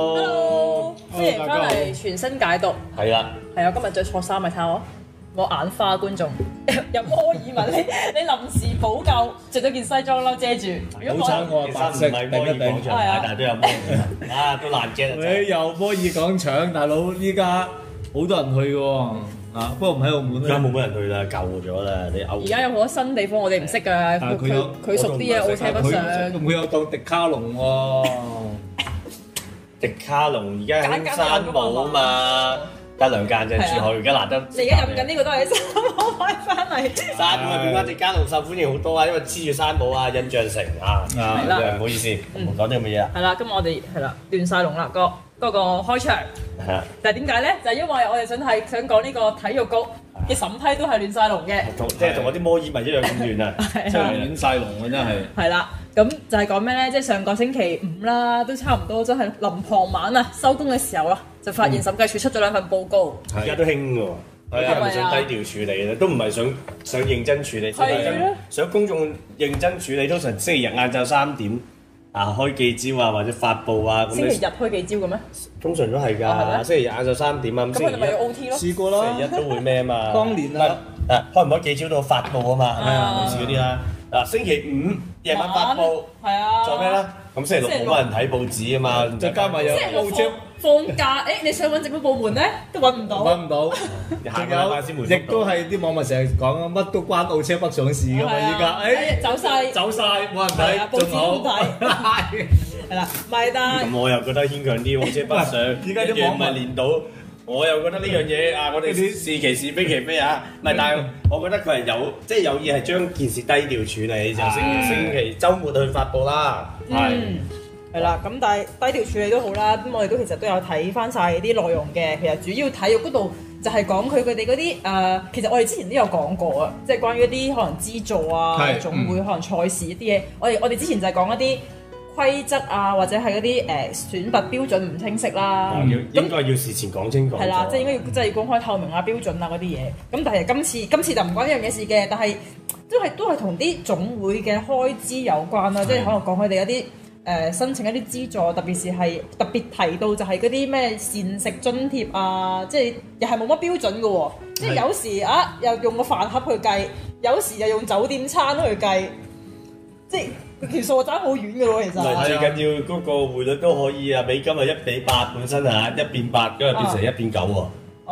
hello，歡迎翻嚟傳新解毒，係啦，係啊，今日着錯衫咪睇咯，我眼花，觀眾，有摩爾文，你你臨時補救，著咗件西裝褸遮住，好彩我啊白色，定一定係啊，都難遮啊，你有摩爾廣場，大佬依家好多人去嘅喎，啊，不過唔喺澳門，而家冇咩人去啦，舊咗啦，啲歐，而家有好多新地方，我哋唔識嘅，佢熟啲啊，我睇不上，佢有到迪卡龍喎。迪卡龍而家喺山姆啊嘛，得兩間正住，我而家難得你。而家飲緊呢個都係山姆買翻回嚟來 是。山姆邊間迪卡龍受歡迎好多啊，因為黐住山姆啊，印象城啊，唔、啊嗯、好意思，唔講啲咁嘅嘢啊？係啦，今日我哋係啦，亂晒籠啦哥，哥。嗰個開場，係啊，但係點解咧？就係因為我哋想係想講呢個體育局嘅審批都係亂曬龍嘅，即係同我啲摩爾咪一樣咁亂啊，即係亂曬龍啊真係。係啦，咁就係講咩咧？即係上個星期五啦，都差唔多真係臨傍晚啊，收工嘅時候啦，就發現審計處出咗兩份報告。而家都興嘅喎，係咪想低調處理啦，都唔係想想認真處理，想公眾認真處理通常星期日晏晝三點。啊，開記招啊，或者發布啊，星期日開記招嘅咩？通常都係噶，星期日晏晝三點啊，咁 OT 咯，試過咯，星期一都會咩啊嘛？當年啊，啊，開唔開記招都發布啊嘛？係咪啊，類似嗰啲啦。嗱，星期五夜晚發布，係啊，做咩咧？咁星期六冇乜人睇報紙啊嘛，再加埋又 O 招。放假，誒你想揾政府部門咧，都揾唔到。揾唔到，行幾耐先門。亦都係啲網民成日講乜都關澳車北上市㗎嘛，依家誒走曬，走曬冇人睇，仲好。係啦，唔係但。咁我又覺得牽強啲，澳車北上。依家啲網民連到，我又覺得呢樣嘢啊，我哋是其是非其非啊。唔係但，我覺得佢係有，即係有意係將件事低調處理，就星期週末去發布啦。係。係啦，咁但係低調處理都好啦。咁我哋都其實都有睇翻晒啲內容嘅。其實主要體育嗰度就係講佢佢哋嗰啲誒，其實我哋之前都有講過啊，即係關於一啲可能資助啊，總是會、嗯、可能賽事一啲嘢。我哋我哋之前就係講一啲規則啊，或者係嗰啲誒選拔標準唔清晰啦。嗯嗯、應該要事前講清楚、嗯，係啦，即、就、係、是、應該要即係、就是、要公開透明啊，標準啊嗰啲嘢。咁、嗯、但係今次今次就唔關呢樣嘢事嘅，但係都係都係同啲總會嘅開支有關啦，即係的可能講佢哋一啲。誒申請一啲資助，特別是係特別提到就係嗰啲咩膳食津貼啊，即係又係冇乜標準嘅喎，即係有時啊又用個飯盒去計，有時又用酒店餐去計，即係條數爭好遠嘅咯，其實。唔係，最緊要嗰個匯率都可以啊，美金啊一比八本身啊，一變八咁啊變成一變九喎，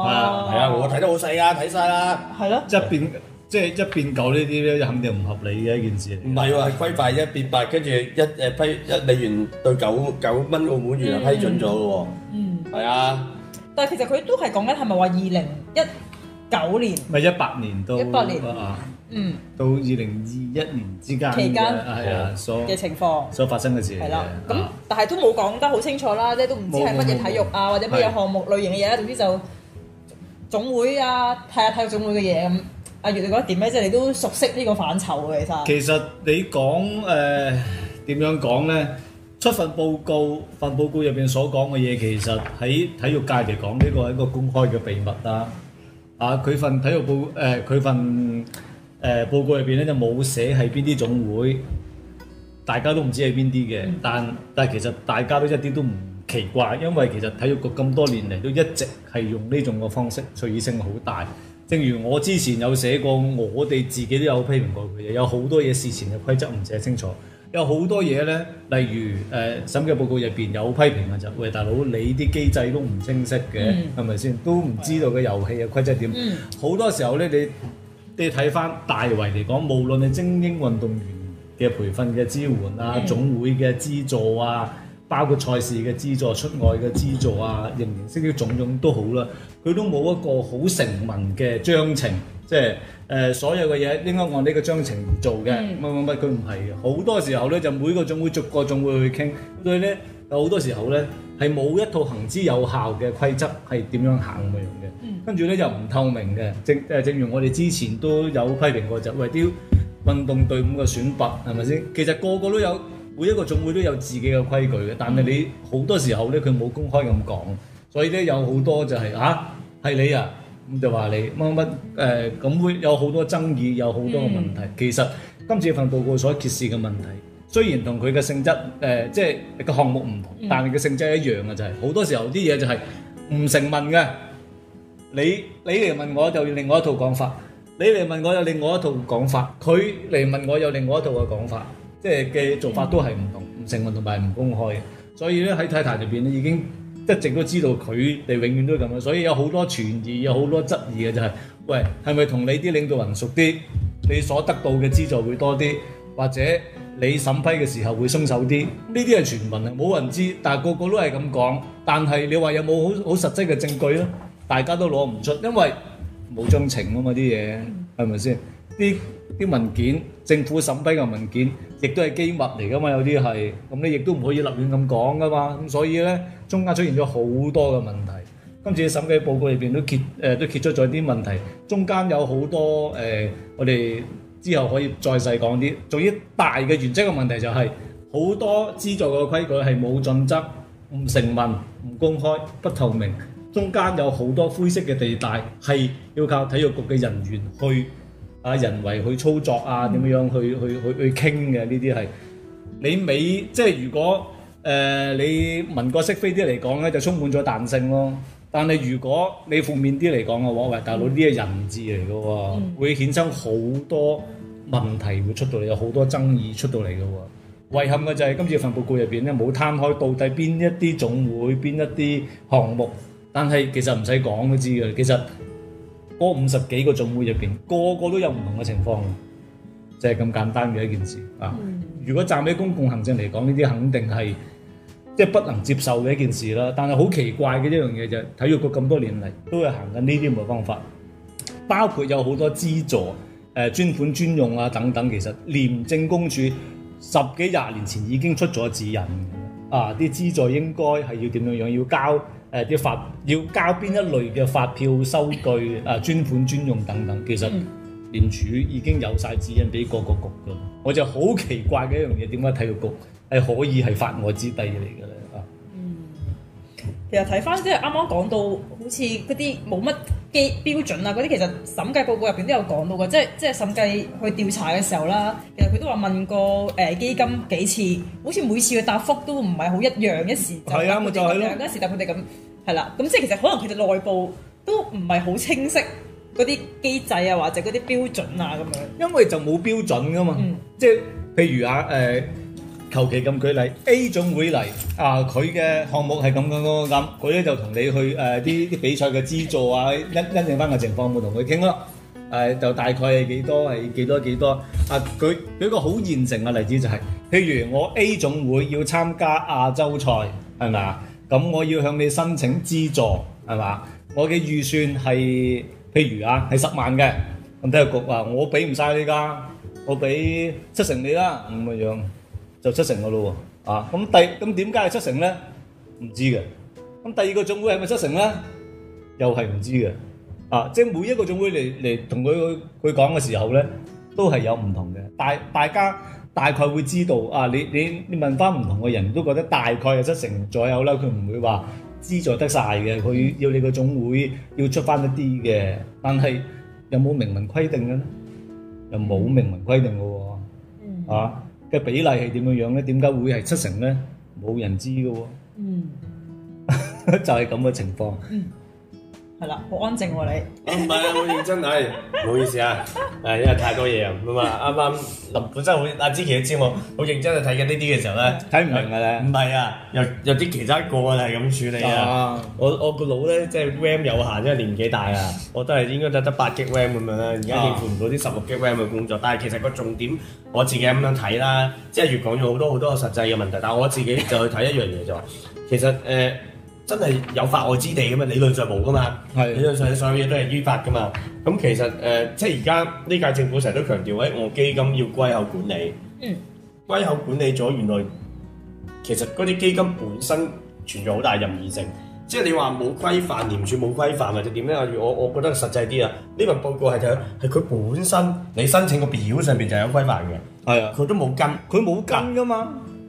啊係啊，我睇得好細啊，睇晒啦，係咯，即係變。即係一變九呢啲咧，肯定唔合理嘅一件事。唔係，係規範一變八，跟住一誒批一美元兌九九蚊澳門元批准咗喎。嗯。係啊。但係其實佢都係講緊，係咪話二零一九年？咪一百年都。一百年。啊。嗯。到二零二一年之間。期間。係啊。嘅情況。所發生嘅事。係啦。咁，但係都冇講得好清楚啦，即係都唔知係乜嘢體育啊，或者乜嘢項目類型嘅嘢，總之就總會啊，睇下體育總會嘅嘢咁。阿月你講一點咧，即係你都熟悉呢個範疇嘅，其實。其實你講誒點樣講咧？出份報告，份報告入邊所講嘅嘢，其實喺體育界嚟講，呢個係一個公開嘅秘密啊！啊，佢份體育報誒佢份誒報告入邊咧就冇寫係邊啲總會，大家都唔知係邊啲嘅。但但係其實大家都一啲都唔奇怪，因為其實體育局咁多年嚟都一直係用呢種嘅方式，隨意性好大。正如我之前有寫過，我哋自己都有批評過佢嘅，有好多嘢事，事前嘅規則唔寫清楚，有好多嘢呢。例如誒、呃、審計報告入邊有批評嘅就是，喂大佬你啲機制都唔清晰嘅，係咪先？都唔知道個遊戲嘅規則點？好、嗯、多時候呢，你都睇翻大圍嚟講，無論你精英運動員嘅培訓嘅支援啊，嗯嗯、總會嘅資助啊。包括賽事嘅資助、出外嘅資助啊，形形色色種種都好啦，佢都冇一個好成文嘅章程，即係誒、呃、所有嘅嘢應該按呢個章程而做嘅，唔唔唔，佢唔係好多時候咧就每個總會逐個總會去傾，所以咧好多時候咧係冇一套行之有效嘅規則係點樣行咁樣嘅，嗯、跟住咧又唔透明嘅。正誒，正如我哋之前都有批評過就係、喂啲運動隊伍嘅選拔係咪先？其實個個都有。每一個總會都有自己嘅規矩嘅，但係你好多時候咧，佢冇公開咁講，所以咧有好多就係啊，係你啊，咁就話你乜乜誒，咁會有好多爭議，有好多嘅問題。其實今次份報告所揭示嘅問題，雖然同佢嘅性質誒，即係個項目唔同，但係佢嘅性質係一樣嘅，就係好多時候啲嘢就係唔成文嘅。你你嚟問我就要另外一套講法，你嚟問我有另外一套講法，佢嚟問我有另外一套嘅講法。即係嘅做法都係唔同，唔成文同埋唔公開嘅，所以咧喺體壇入邊咧已經一直都知道佢哋永遠都咁樣，所以有好多傳言，有好多質疑嘅就係、是，喂係咪同你啲領導人熟啲，你所得到嘅資助會多啲，或者你審批嘅時候會鬆手啲？呢啲係傳聞啊，冇人知，但係個個都係咁講。但係你話有冇好好實質嘅證據咧？大家都攞唔出，因為冇章程啊嘛啲嘢，係咪先？啲啲文件。政府審批嘅文件亦都係機密嚟噶嘛，有啲係，咁你亦都唔可以立亂咁講噶嘛，咁所以咧中間出現咗好多嘅問題。今次嘅審計報告裏邊都揭，誒都揭出咗啲問題，中間有好多誒，我哋之後可以再細講啲。總之大嘅原則嘅問題就係，好多資助嘅規矩係冇準則、唔成文、唔公開、不透明，中間有好多灰色嘅地帶，係要靠體育局嘅人員去。啊，人為去操作啊，點樣去、嗯、去去去傾嘅呢啲係，你美即係如果誒、呃、你文過飾非啲嚟講咧，就充滿咗彈性咯。但係如果你負面啲嚟講嘅話，喂，大佬呢係人治嚟嘅喎，嗯、會衍生好多問題會出到嚟，有好多爭議出到嚟嘅喎。遺憾嘅就係、是、今次份報告入邊咧冇攤開，到底邊一啲總會、邊一啲項目，但係其實唔使講都知嘅，其實。個五十幾個總會入邊，個個都有唔同嘅情況，就係、是、咁簡單嘅一件事啊！嗯、如果站喺公共行政嚟講，呢啲肯定係即係不能接受嘅一件事啦。但係好奇怪嘅一樣嘢就係，體育局咁多年嚟，都係行緊呢啲咁嘅方法，包括有好多資助、誒、呃、專款專用啊等等。其實廉政公署十幾廿年前已經出咗指引，啊啲資助應該係要點樣樣要交。誒啲發要交邊一類嘅發票收據啊，專 款專用等等，其實廉署已經有晒指引俾各個局嘅。我就好奇怪嘅一樣嘢，點解體育局係可以係法外之地嚟嘅咧？其實睇翻即係啱啱講到，好似嗰啲冇乜機標準啊，嗰啲其實審計報告入邊都有講到嘅，即係即係審計去調查嘅時候啦。其實佢都話問過誒、欸、基金幾次，好似每次嘅答覆都唔係好一樣，一時就唔一、啊、樣，一是時就佢哋咁係啦。咁即係其實可能佢哋內部都唔係好清晰嗰啲機制啊，或者嗰啲標準啊咁樣。因為就冇標準㗎嘛，嗯、即係譬如啊誒。欸求其咁舉例，A 總會嚟，啊佢嘅項目係咁樣咁，佢咧就同你去誒啲啲比賽嘅資助啊，一一正翻嘅情況，會同佢傾咯。誒就大概係幾多係幾多幾多。啊，舉舉個好現成嘅例子就係，譬如我 A 總會要參加亞洲賽，係咪啊？咁我要向你申請資助，係嘛？我嘅預算係譬如啊係十萬嘅，咁體育局話我俾唔曬你㗎，我俾七成你啦，咁樣。就七成嘅咯喎，啊咁第咁點解係七成咧？唔知嘅。咁第二個總會係咪七成咧？又係唔知嘅。啊，即係每一個總會嚟嚟同佢佢講嘅時候咧，都係有唔同嘅。大大家大概會知道啊，你你你問翻唔同嘅人都覺得大概係七成左右啦。佢唔會話資助得曬嘅，佢要你個總會要出翻一啲嘅。但係有冇明文規定嘅咧？又冇明文規定嘅喎，啊。嘅比例係點樣樣咧？點解會係七成咧？冇人知嘅喎，嗯， 就係咁嘅情況。嗯係啦，好安靜喎你。唔係啊，好、 啊啊、認真係，唔、哎、好意思啊，誒、啊，因為太多嘢啊，咁啊，啱啱嗱，本身好阿、啊、芝琪都知我好認真去睇緊呢啲嘅時候咧，睇唔明㗎咧。唔係啊，啊，有有啲其他個案係咁處理啊。啊我我個腦咧即係 RAM 有限，因為年紀大啊，我都係應該得得八 G RAM 咁樣啦，而家應付唔到啲十六 G RAM 嘅工作。但係其實個重點，我自己咁樣睇啦，即係越講咗好多好多個實際嘅問題，但係我自己就去睇一樣嘢就話，其實誒。呃真係有法外之地咁嘛，理論上冇噶嘛，係的，理論上所有嘢都係依法噶嘛。咁其實誒、呃，即係而家呢屆政府成日都強調，誒我基金要歸口管理。嗯，歸口管理咗，原來其實嗰啲基金本身存在好大任意性。即係你話冇規範，廉署冇規範或者點樣？例如我，我覺得實際啲啊，呢份報告係就係佢本身，你申請個表上邊就有規範嘅。係啊的，佢都冇跟，佢冇跟噶嘛。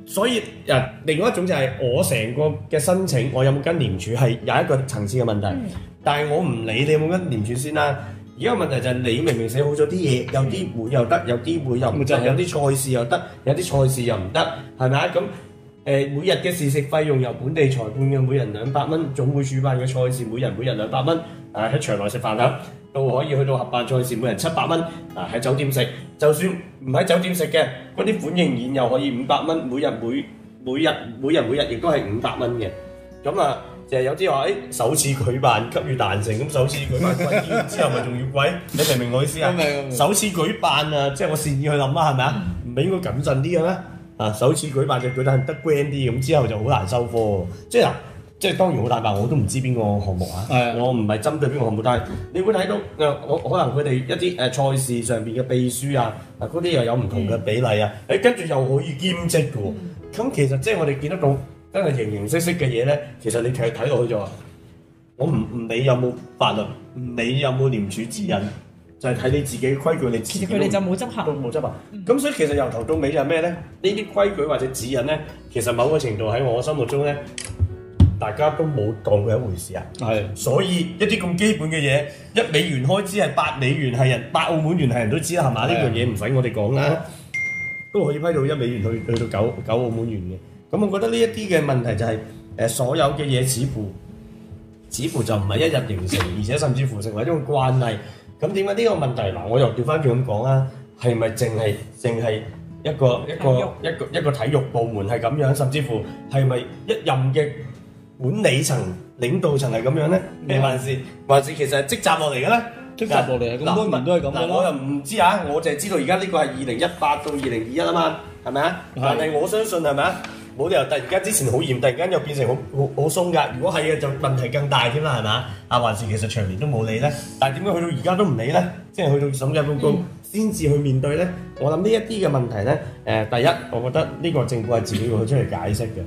所以，誒，另外一種就係我成個嘅申請，我有冇跟廉署係有一個層次嘅問題，嗯、但係我唔理你有冇跟廉署先啦。而家問題就係你明明寫好咗啲嘢，有啲會又得，有啲會又唔得，有啲、嗯、賽事又得，有啲賽事又唔得，係咪？咁誒，每日嘅試食費用由本地裁判嘅每人兩百蚊，總會主辦嘅賽事每人每人兩百蚊。啊喺場內食飯啊，都可以去到合辦賽事，每人七百蚊。啊喺酒店食，就算唔喺酒店食嘅，嗰啲款型宴又可以五百蚊，每日每每日每日每日亦都係五百蚊嘅。咁啊，就係有啲話誒，首次舉辦給予彈性，咁首次舉辦貴啲，之後咪仲要貴？你明唔明我意思啊？明。首次舉辦啊，即係我善意去諗啊，係咪啊？唔係應該謹慎啲嘅咩？啊，首次舉辦就舉辦得 grand 啲，咁之後就好難收貨。即係。即係當然好大，但我都唔知邊個項目啊！我唔係針對邊個項目，但係你會睇到誒，我可能佢哋一啲誒賽事上邊嘅秘書啊，嗱嗰啲又有唔同嘅比例啊，誒跟住又可以兼職嘅喎。咁其實即係我哋見得到，真係形形色色嘅嘢咧。其實你其實睇落去就話，我唔唔理有冇法律，唔理有冇廉署指引，就係睇你自己規矩你自己。佢哋就冇執行，冇執行。咁所以其實由頭到尾就係咩咧？呢啲規矩或者指引咧，其實某個程度喺我心目中咧。大家都冇當佢一回事啊，係，所以一啲咁基本嘅嘢，一美元開支係八美元係人，八澳門元係人都知啦，係嘛，呢樣嘢唔使我哋講啦，都可以批到一美元去去到九九澳門元嘅。咁我覺得呢一啲嘅問題就係誒所有嘅嘢，似乎似乎就唔係一日形成，而且甚至乎成為一個慣例。咁點解呢個問題嗱？我又調翻轉咁講啊，係咪淨係淨係一個一個一個一個體育部門係咁樣，甚至乎係咪一任嘅？管理層、領導層係咁樣咧，還是還是其實係積集落嚟嘅呢？積集落嚟啊，咁多年都係咁樣咯。嗱，我又唔知嚇，我就係知道而家呢個係二零一八到二零二一啊嘛，係咪啊？是但係我相信係咪啊？冇理由突然間之前好嚴，突然間又變成好好鬆㗎。如果係嘅，就問題更大添啦，係咪啊？啊，還是其實長年都冇理呢？但係點解去到而家都唔理呢？即係去到審計報告先至、嗯、去面對呢？我諗呢一啲嘅問題呢、呃，第一，我覺得呢個政府係自己會出嚟解釋嘅。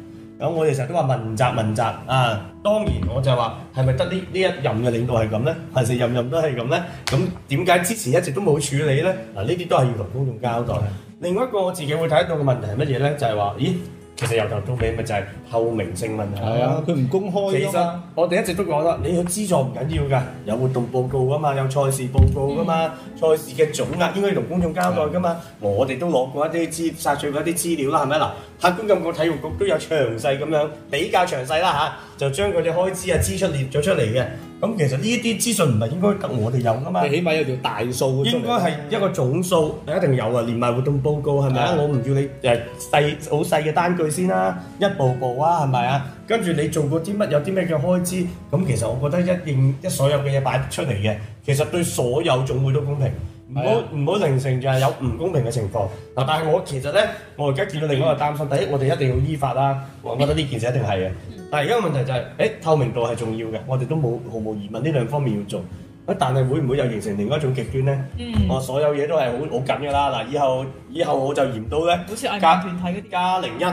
我哋成日都話問責問責啊！當然我就話係咪得呢一任嘅領導係咁呢？還是任任都係咁咧？咁點解之前一直都冇處理呢？嗱、啊，呢啲都係要同公眾交代。嗯、另外一個我自己會睇到嘅問題係乜嘢呢？就係、係、話，咦？其實由頭到尾咪就係透明性問題。係啊，佢唔公開其實、啊、我哋一直都講啦，你去資助唔緊要㗎，有活動報告㗎嘛，有賽事報告㗎嘛，嗯、賽事嘅總額應該同公眾交代㗎嘛。啊、我哋都攞過一啲資曬，取過一啲資料啦，係咪？客觀咁講，體育局都有詳細咁樣比較詳細啦嚇、啊，就將佢啲開支啊、支出列咗出嚟嘅。咁其實呢一啲資訊唔係應該我哋有噶嘛，最起碼有條大數應該係一個總數，嗯、一定有啊，連埋活動報告係咪啊？我唔要你細好細嘅單據先啦、啊，一步步啊係咪啊？嗯、跟住你做過啲乜？有啲咩叫開支？咁、嗯、其實我覺得一定，一所有嘅嘢擺出嚟嘅，其實對所有總會都公平。唔好唔好形成就係有唔公平嘅情況嗱，但係我其實咧，我而家見到另外一個擔心，第一我哋一定要依法啦，我覺得呢件事一定係嘅。但係而家問題就係，誒透明度係重要嘅，我哋都冇毫無疑問呢兩方面要做。啊，但係會唔會又形成另外一種極端咧？嗯，我所有嘢都係好好緊㗎啦。嗱，以後以後我就嚴到咧，好似加團體嗰啲加零一。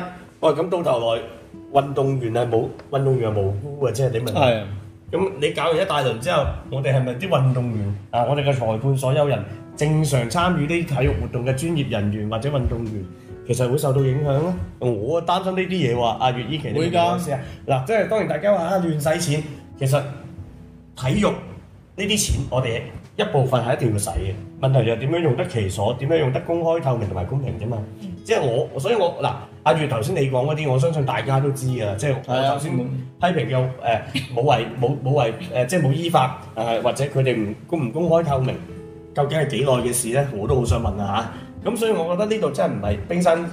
喂，咁到頭來運動員係冇運動員係冇啊，即係點問？係。咁你搞完一大輪之後，我哋係咪啲運動員啊？我哋嘅裁判、所有人正常參與啲體育活動嘅專業人員或者運動員，其實會受到影響咧、啊。我擔心呢啲嘢話，阿、啊、月依琪會㗎、啊啊，嗱，即係當然大家話啊亂使錢，其實體育呢啲錢，我哋一部分係一定要使嘅。問題就係點樣用得其所，點樣用得公開透明同埋公平啫嘛。即係我，所以我嗱，阿、啊、月頭先你講嗰啲，我相信大家都知啊。即係頭先批評又誒冇違冇冇違誒，即係冇依法誒、呃，或者佢哋唔公唔公開透明，究竟係幾耐嘅事咧？我都好想問啊嚇。咁所以我覺得呢度真係唔係冰山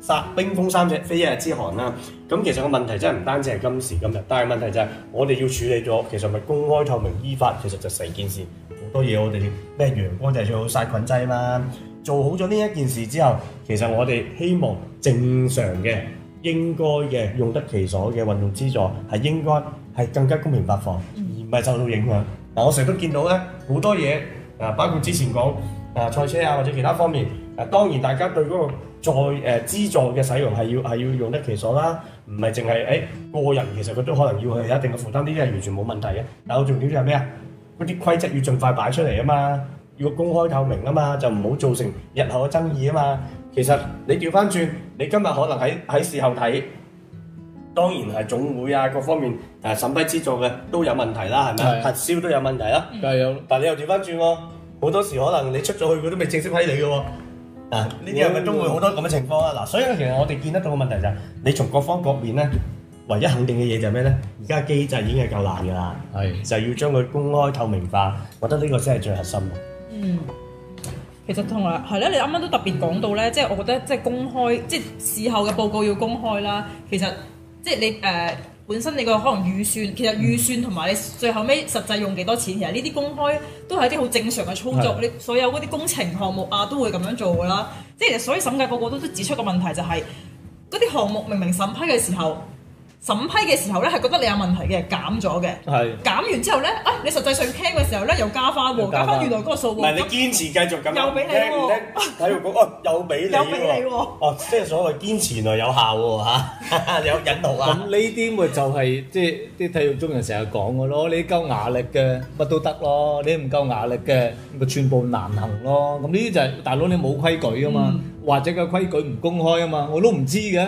殺冰封三尺非一日之寒啦。咁其實個問題真係唔單止係今時今日，但係問題就係我哋要處理咗，其實咪公開透明、依法，其實就成件事。好多嘢我哋咩陽光就係最好殺菌劑嘛。做好咗呢一件事之後，其實我哋希望正常嘅、應該嘅、用得其所嘅運動資助係應該係更加公平發放，而唔係受到影響。嗱、嗯，我成日都見到咧，好多嘢，啊，包括之前講啊賽車啊或者其他方面。啊，當然大家對嗰個賽誒資助嘅使用係要係要用得其所啦，唔係淨係誒個人其實佢都可能要去一定嘅負擔，呢啲係完全冇問題嘅。但係我重點就係咩啊？嗰啲規則要盡快擺出嚟啊嘛！要公開透明啊嘛，就唔好造成日後嘅爭議啊嘛。其實你調翻轉，你今日可能喺喺事後睇，當然係總會啊各方面誒審批資助嘅都有問題啦，係咪啊？核銷都有問題啦，係有。但你又調翻轉喎，好多時可能你出咗去佢都未正式批你嘅喎。嗱，呢啲係咪總會好多咁嘅情況啊？嗱，所以其實我哋見得到嘅問題就係，你從各方各面咧，唯一肯定嘅嘢就係咩咧？而家機制已經係夠難㗎啦，係就係要將佢公開透明化，我覺得呢個先係最核心。嗯，其實同埋係咧，你啱啱都特別講到咧，即係我覺得即係公開，即係事後嘅報告要公開啦。其實即係你誒、呃，本身你個可能預算，其實預算同埋你最後尾實際用幾多錢，其實呢啲公開都係一啲好正常嘅操作。的你所有嗰啲工程項目啊，都會咁樣做噶啦。即係所以審計報告都都指出個問題，就是，就係嗰啲項目明明審批嘅時候。審批嘅時候咧，係覺得你有問題嘅，減咗嘅。係減完之後咧，啊，你實際上傾嘅時候咧，又加翻喎，加翻原來嗰個數喎。唔係你堅持繼續減，又俾你體育局啊，又俾你，又俾你喎。哦，即係所謂堅持原來有效喎嚇，有引導啊。咁呢啲咪就係即係啲體育中人成日講嘅咯。你夠牙力嘅乜都得咯，你唔夠牙力嘅咪寸步難行咯。咁呢啲就係大佬你冇規矩啊嘛，或者個規矩唔公開啊嘛，我都唔知嘅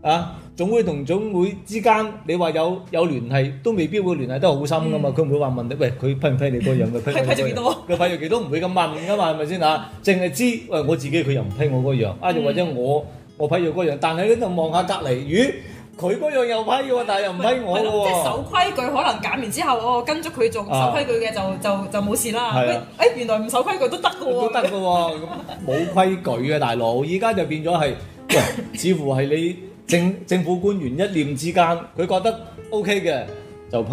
啊。總會同總會之間，你話有有聯繫都未必會聯繫得好深噶嘛？佢唔、嗯、會話問你喂，佢批唔批你嗰樣嘅？批 批咗幾多？佢 批咗幾多？唔會咁問噶嘛？係咪先啊？淨係知喂，我自己佢又唔批我嗰樣，啊又、嗯、或者我我批咗嗰樣，但喺呢度望下隔籬，咦？佢嗰樣又批喎，但又唔批我喎、啊。即係、 就是、守規矩，可能減完之後，我跟足佢做守規矩嘅、啊，就就就冇事啦。哎、啊， 原來唔守規矩都得嘅、啊、 都得嘅喎，咁冇規矩嘅大佬，而家就變咗係，喂，似乎係你。 政政府官員一念之間，佢覺得 OK 嘅就批，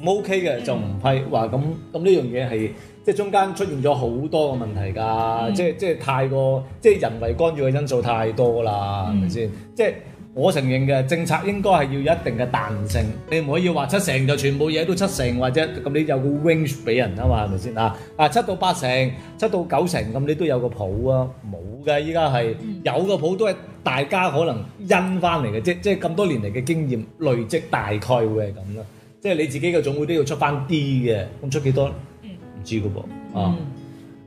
唔 OK 嘅就唔批，話咁咁呢樣嘢係即係中間出現咗好多個問題㗎、嗯，即係即係太過即係人為干預嘅因素太多啦，係咪先？即係。我承認嘅政策應該係要有一定嘅彈性，你唔可以話七成就全部嘢都七成，或者咁你有個 range 俾人啊嘛，係咪先啊？啊，七到八成，七到九成咁，你都有個譜啊？冇嘅，依家係有個譜都係大家可能因翻嚟嘅啫，即係咁多年嚟嘅經驗累積，大概會係咁咯。即係你自己嘅總會都要出翻啲嘅，咁出幾多咧？唔知㗎噃啊。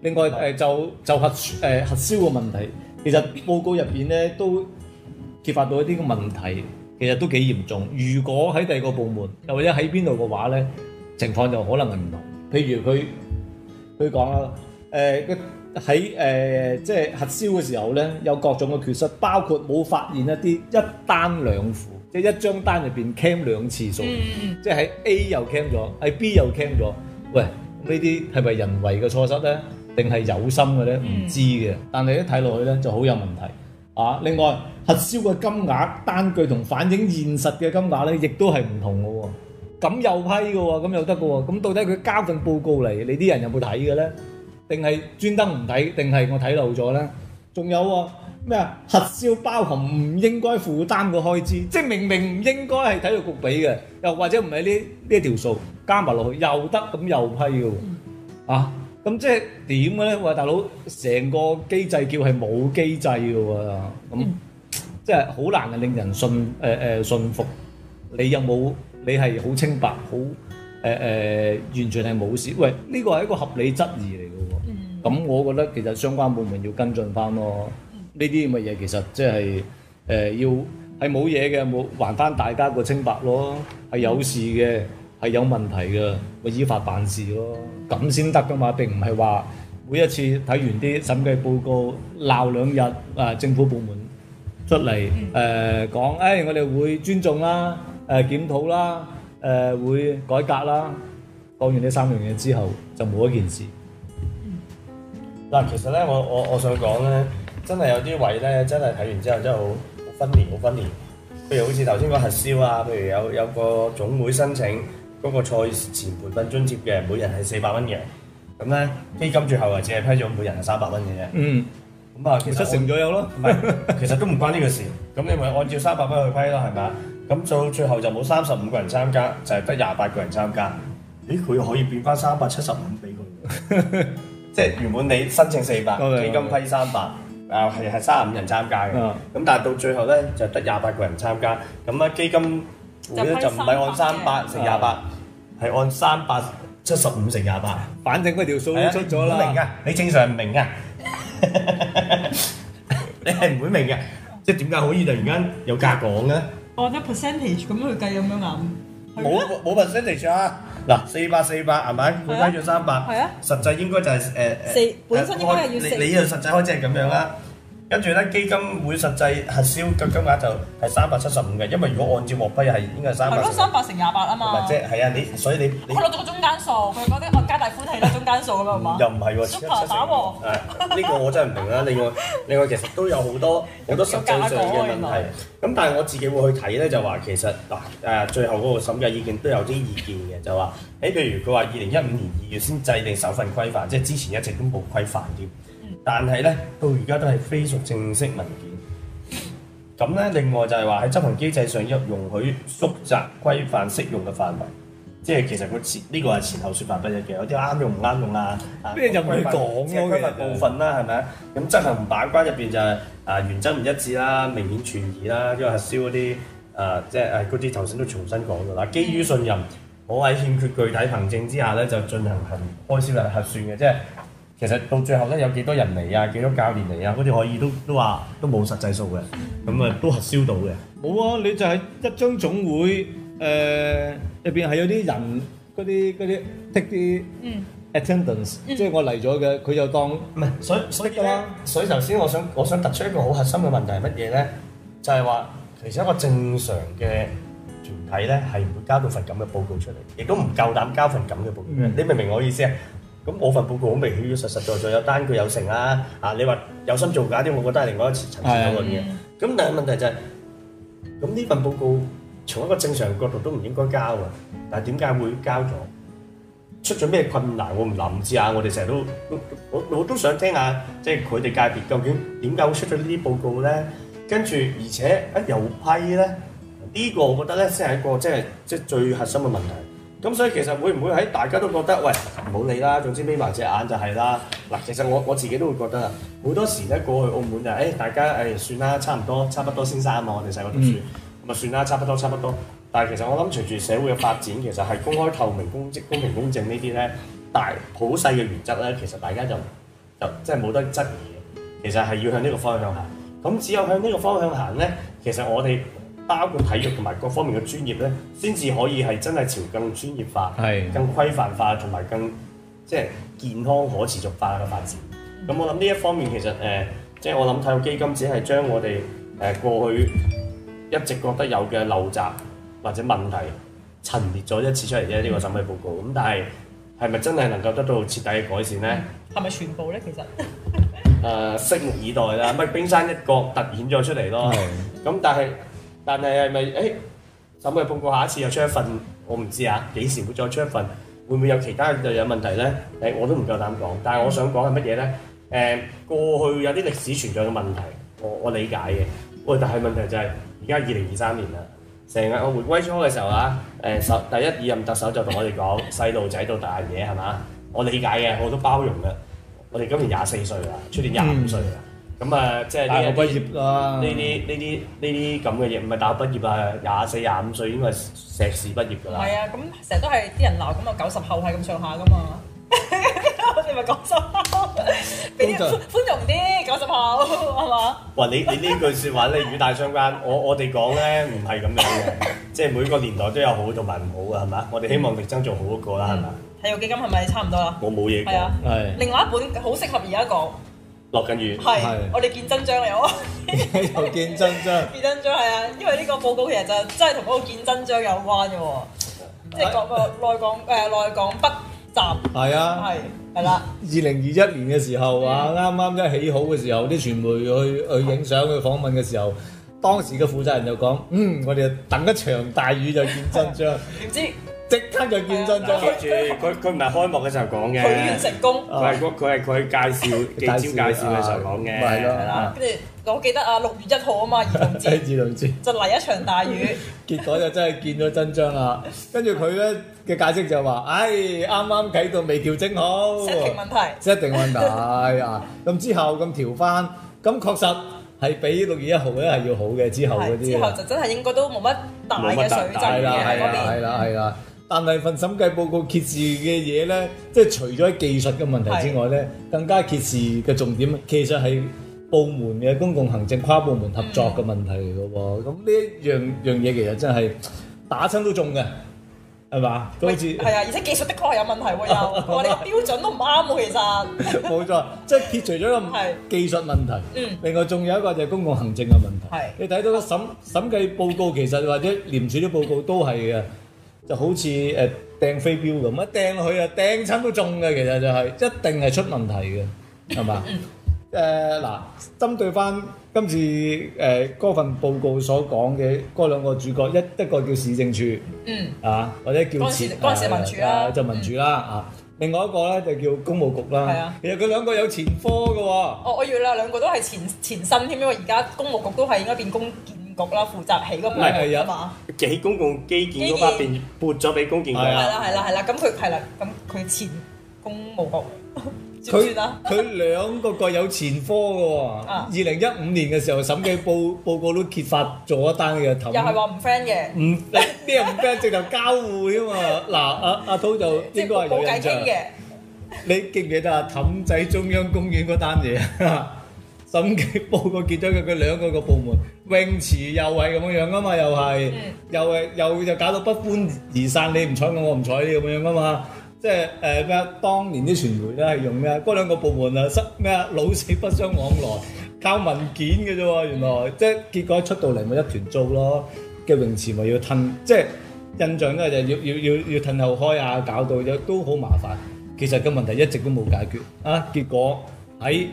另外誒，就就核誒核銷嘅問題，其實報告入邊咧都，揭發到一啲嘅問題，其實都幾嚴重。如果喺第二個部門，又或者喺邊度嘅話咧，情況就可能係唔同。譬如佢佢講啦，誒，喺誒即係核銷嘅時候咧，有各種嘅缺失，包括冇發現一啲一單兩付，即係一張單入邊 claim 兩次數，即係喺 A 又 claim 咗，喺 B 又 claim 咗。喂，呢啲係咪人為嘅錯失咧？定係有心嘅咧？唔知嘅。嗯、但係一睇落去咧，就好有問題。啊，另外，核銷嘅金額單據同反映現實嘅金額呢，亦都係唔同喎。咁即係點嘅咧？喂，大佬，成個機制叫係冇機制嘅喎，啊，咁、嗯、即係好難令人信誒誒、呃呃、信服。你有冇？你係好清白，好誒誒，完全係冇事。喂，呢、這個係一個合理質疑嚟嘅喎。咁、嗯、我覺得其實相關部門要跟進翻咯。呢啲咁嘅嘢其實即係誒要係冇嘢嘅，冇還翻大家個清白咯。係有事嘅。嗯係有問題嘅，咪依法辦事咯，咁先得噶嘛。並唔係話每一次睇完啲審計報告鬧兩日，啊，政府部門出嚟誒講，誒、呃哎、我哋會尊重啦，誒檢討啦，誒、呃、會改革啦。講完呢三樣嘢之後，就冇一件事。嗱，其實咧，我我我想講咧，真係有啲位咧，真係睇完之後真係好分裂，好分裂。譬如好似頭先個核銷啊，譬如有有個總會申請。嗰個賽前培訓津貼嘅，每人係四百蚊嘅，咁咧基金最後淨係批咗每人係三百蚊嘅啫。嗯，咁啊，七成左右咯。唔係，其實都唔關呢個事。咁你咪按照三百蚊去批咯，係咪啊？咁到最後就冇三十五個人參加，就係得廿八個人參加。咦，佢可以變翻三百七十五俾佢嘅，即係原本你申請四百，基金批三百，啊係係三十五人參加嘅。咁但係到最後咧，就得廿八個人參加。咁啊基金。佢咧就唔係按三百乘廿八，係按三百七十五乘廿八。反正嗰條數都出咗啦，唔明噶，你正常唔明噶，你係唔會明嘅。即係點解可以突然間有價講咧？按 percentage 咁樣去計有咩啱？冇冇 percentage 啊？嗱，四百四百係咪？佢批咗三百，實際應該就係誒誒，本身應該係要你你呢度實際開即係咁樣啦。跟住咧，基金會實際核銷嘅金額就係三百七十五嘅，因為如果按照獲批係應該係三百。係咯，三百乘廿八啊嘛。唔係即係啊，你所以你你。攞到個中間數，佢覺得我皆大歡喜啦，中間數咁啊嘛。吧又唔係喎，捉拍打喎。呢個我真係唔明啦。 另外，另外其實都有好多好多實際上嘅問題。咁但係我自己會去睇咧，就話其實嗱誒、啊，最後嗰個審計意見都有啲意見嘅，就話誒，譬如佢話二零一五年二月先制定首份規範，即係之前一直都冇規範添。嗯、但係咧，到而家都係非屬正式文件。咁咧，另外就係話喺執行機制上又容許縮窄規範適用嘅範圍，即係其實個前呢個係前後說法不一嘅，有啲啱用唔啱、嗯、用什麼 啊。呢啲範就唔講嘅。部分啦，係咪啊？咁執行把關入邊就係、是、啊、呃、原則唔一致啦，明顯存疑啦，因為核銷嗰啲啊，即係誒嗰啲頭先都重新講嘅啦。基於信任，我喺欠缺具體憑證之下咧，就進行行開銷嚟核算嘅，即係。其實到最後咧，有幾多人嚟啊？幾多教練嚟啊？嗰啲可以都都話都冇實際數嘅，咁啊都核銷到嘅。冇啊，你就係一張總會誒入邊係有啲人嗰啲嗰啲 take 啲 attendance，即係我嚟咗嘅，佢就當唔係。所以所以啊，所以頭先我想我想突出一個好核心嘅問題係乜嘢咧？就係話其實一個正常嘅團體咧係唔會交到份咁嘅報告出嚟，亦都唔夠膽交份咁嘅報告。你明唔明我意思啊？咁我份報告好明顯，實實在在有單據有成啦、啊。啊，你話有心做假啲，我覺得係另外一個層次討論嘅。咁、哎嗯、但係問題就係、是，咁呢份報告從一個正常角度都唔應該交啊。但係點解會交咗？出咗咩困難？我唔諗唔知啊。我哋成日都，都我我都想聽下，即係佢哋界別究竟點解會出咗呢啲報告咧？跟住而且一又批咧，呢、呢個我覺得咧先係一個即係即係最核心嘅問題。咁所以其實會唔會喺大家都覺得喂唔好理啦，總之眯埋隻眼就係啦。嗱，其實我我自己都會覺得啊，好多時咧過去澳門就誒、是欸，大家誒、欸、算啦，差唔多，差不多先生啊嘛，我哋細個讀書咁啊算啦，差不多，差不多。但係其實我諗隨住社會嘅發展，其實係公開透明、公職公平公正呢啲咧，大普世嘅原則咧，其實大家就就即係冇得質疑嘅。其實係要向呢個方向行。咁只有向呢個方向行咧，其實我哋。包括體育同埋各方面嘅專業咧，先至可以係真係朝更專業化、係的更規範化同埋更即係健康可持續化嘅發展。咁我諗呢一方面其實誒，即、呃、係、就是、我諗體育基金只係將我哋誒、呃、過去一直覺得有嘅陋習或者問題陳列咗一次出嚟啫，呢、這個審批報告。咁但係係咪真係能夠得到徹底嘅改善咧？係咪全部咧？其實誒、呃，拭目以待啦，咪冰山一角突顯咗出嚟咯。咁 但係。但係係咪？誒、欸、審嘅報告，下一次又出一份，我唔知啊。幾時會再出一份？會唔會有其他又有問題咧？誒、欸，我都唔夠膽講。但係我想講係乜嘢咧？誒、欸，過去有啲歷史存在嘅問題，我我理解嘅。喂，但係問題就係而家二零二三年啦，成日我回歸初嘅時候啊，誒、欸、首第一二任特首就同我哋講細路仔到大嘢係嘛？我理解嘅，我都包容嘅。我哋今年廿四歲啦，出年廿五歲啦。嗯。咁啊、嗯，即係呢啲呢啲呢啲呢啲咁嘅嘢，唔係大學畢業啊，廿四廿五歲應該係碩士畢業㗎啦。係啊，咁成日都係啲人鬧，咁啊九十後係咁上下㗎嘛。我哋咪九十後， 點 Okay. 寬容啲九十後係嘛？ 吧哇！你你呢句説話咧，語帶相關， 我我哋講咧唔係咁樣嘅， 即係每個年代都有好同埋唔好㗎，係嘛？我哋希望力爭做好一個啦，係咪啊？體育基金係咪差唔多啦？我冇嘢講。係啊，係。另外一本好適合而家講。落緊雨，係是的我哋見真章嚟，又 見真章， 見真章係啊，因為呢個報告其實就真係同嗰個見真章有關嘅，即係嗰個內港誒內、哎、港北站係啊係係啦，二零二一年嘅時候啊，啱啱一起好嘅時候，啲傳、嗯、媒去、嗯、去影相去訪問嘅時候，當時嘅負責人就講，嗯，我哋就等一場大雨就見真章，唔、嗯、知。即刻就見真章。跟住佢佢唔係開幕嘅時候講嘅，佢要成功。佢係佢佢係佢介紹幾招介紹嘅時候講嘅，係啦。跟住我記得啊，六月一號啊嘛，兒童節，就嚟一場大雨，結果就真係見咗真章啦。跟住佢咧嘅解釋就話，唉，啱啱睇到未調整好，水平問題，水平問題啊。咁之後咁調翻，咁確實係比六月一號咧係要好嘅。之後嗰啲，之後就真係應該都冇乜大嘅水浸嘅嗰邊。係啦係啦。但係份審計報告揭示嘅嘢咧，即係除咗技術嘅問題之外咧，更加揭示嘅重點，其實係部門嘅公共行政跨部門合作嘅問題嚟嘅喎。咁呢一樣樣嘢其實真係打親都中嘅，係嘛？好似係啊，而且技術的確係有問題喎，又我哋個標準都唔啱喎，其實冇錯，即係撇除咗個技術問題，嗯，另外仲有一個就係公共行政嘅問題。係你睇到個審審計報告，其實或者廉署啲報告都係嘅。就好似誒掟飛鏢咁，一掟落去啊，掟親都中嘅，其實就係一定係出問題嘅，係嘛？誒嗱，針對翻今次誒嗰份報告所講嘅嗰兩個主角，一一個叫市政署，嗯，啊或者叫當時嗰陣時民署啦，就民署啦，啊，另外一個咧就叫工務局啦，係啊，其實佢兩個有前科嘅喎，哦，我記得兩個都係前前身添，因為而家工務局都係應該變公建局啦，負責起嗰部分啊嘛，起公共基建嗰方面撥咗俾公建局，係啦係啦係啦，咁佢係啦，咁佢前公務局，佢佢兩個各有前科嘅喎，二零一五年嘅時候審計報報告都揭發咗單嘢，又係話唔 friend 嘅，唔咩唔 friend，直頭交互添啊，嗱阿阿滔就應該係冇計傾嘅，你記唔記得阿氹仔中央公園嗰單嘢啊？審計報告結果佢佢兩個個部門泳池又係咁樣樣啊嘛，又係、嗯、又係又就搞到不歡而散，你唔睬我我唔睬你咁樣樣啊嘛，即係誒咩啊？當年啲傳媒咧係用咩啊？嗰兩個部門啊失咩啊？老死不相往來，靠文件嘅啫喎，原來即係結果出到嚟咪一團糟咯。嘅泳池咪要褪，即係印象咧就要要要要褪後開啊，搞到嘅都好麻煩。其實個問題一直都冇解決啊，結果喺。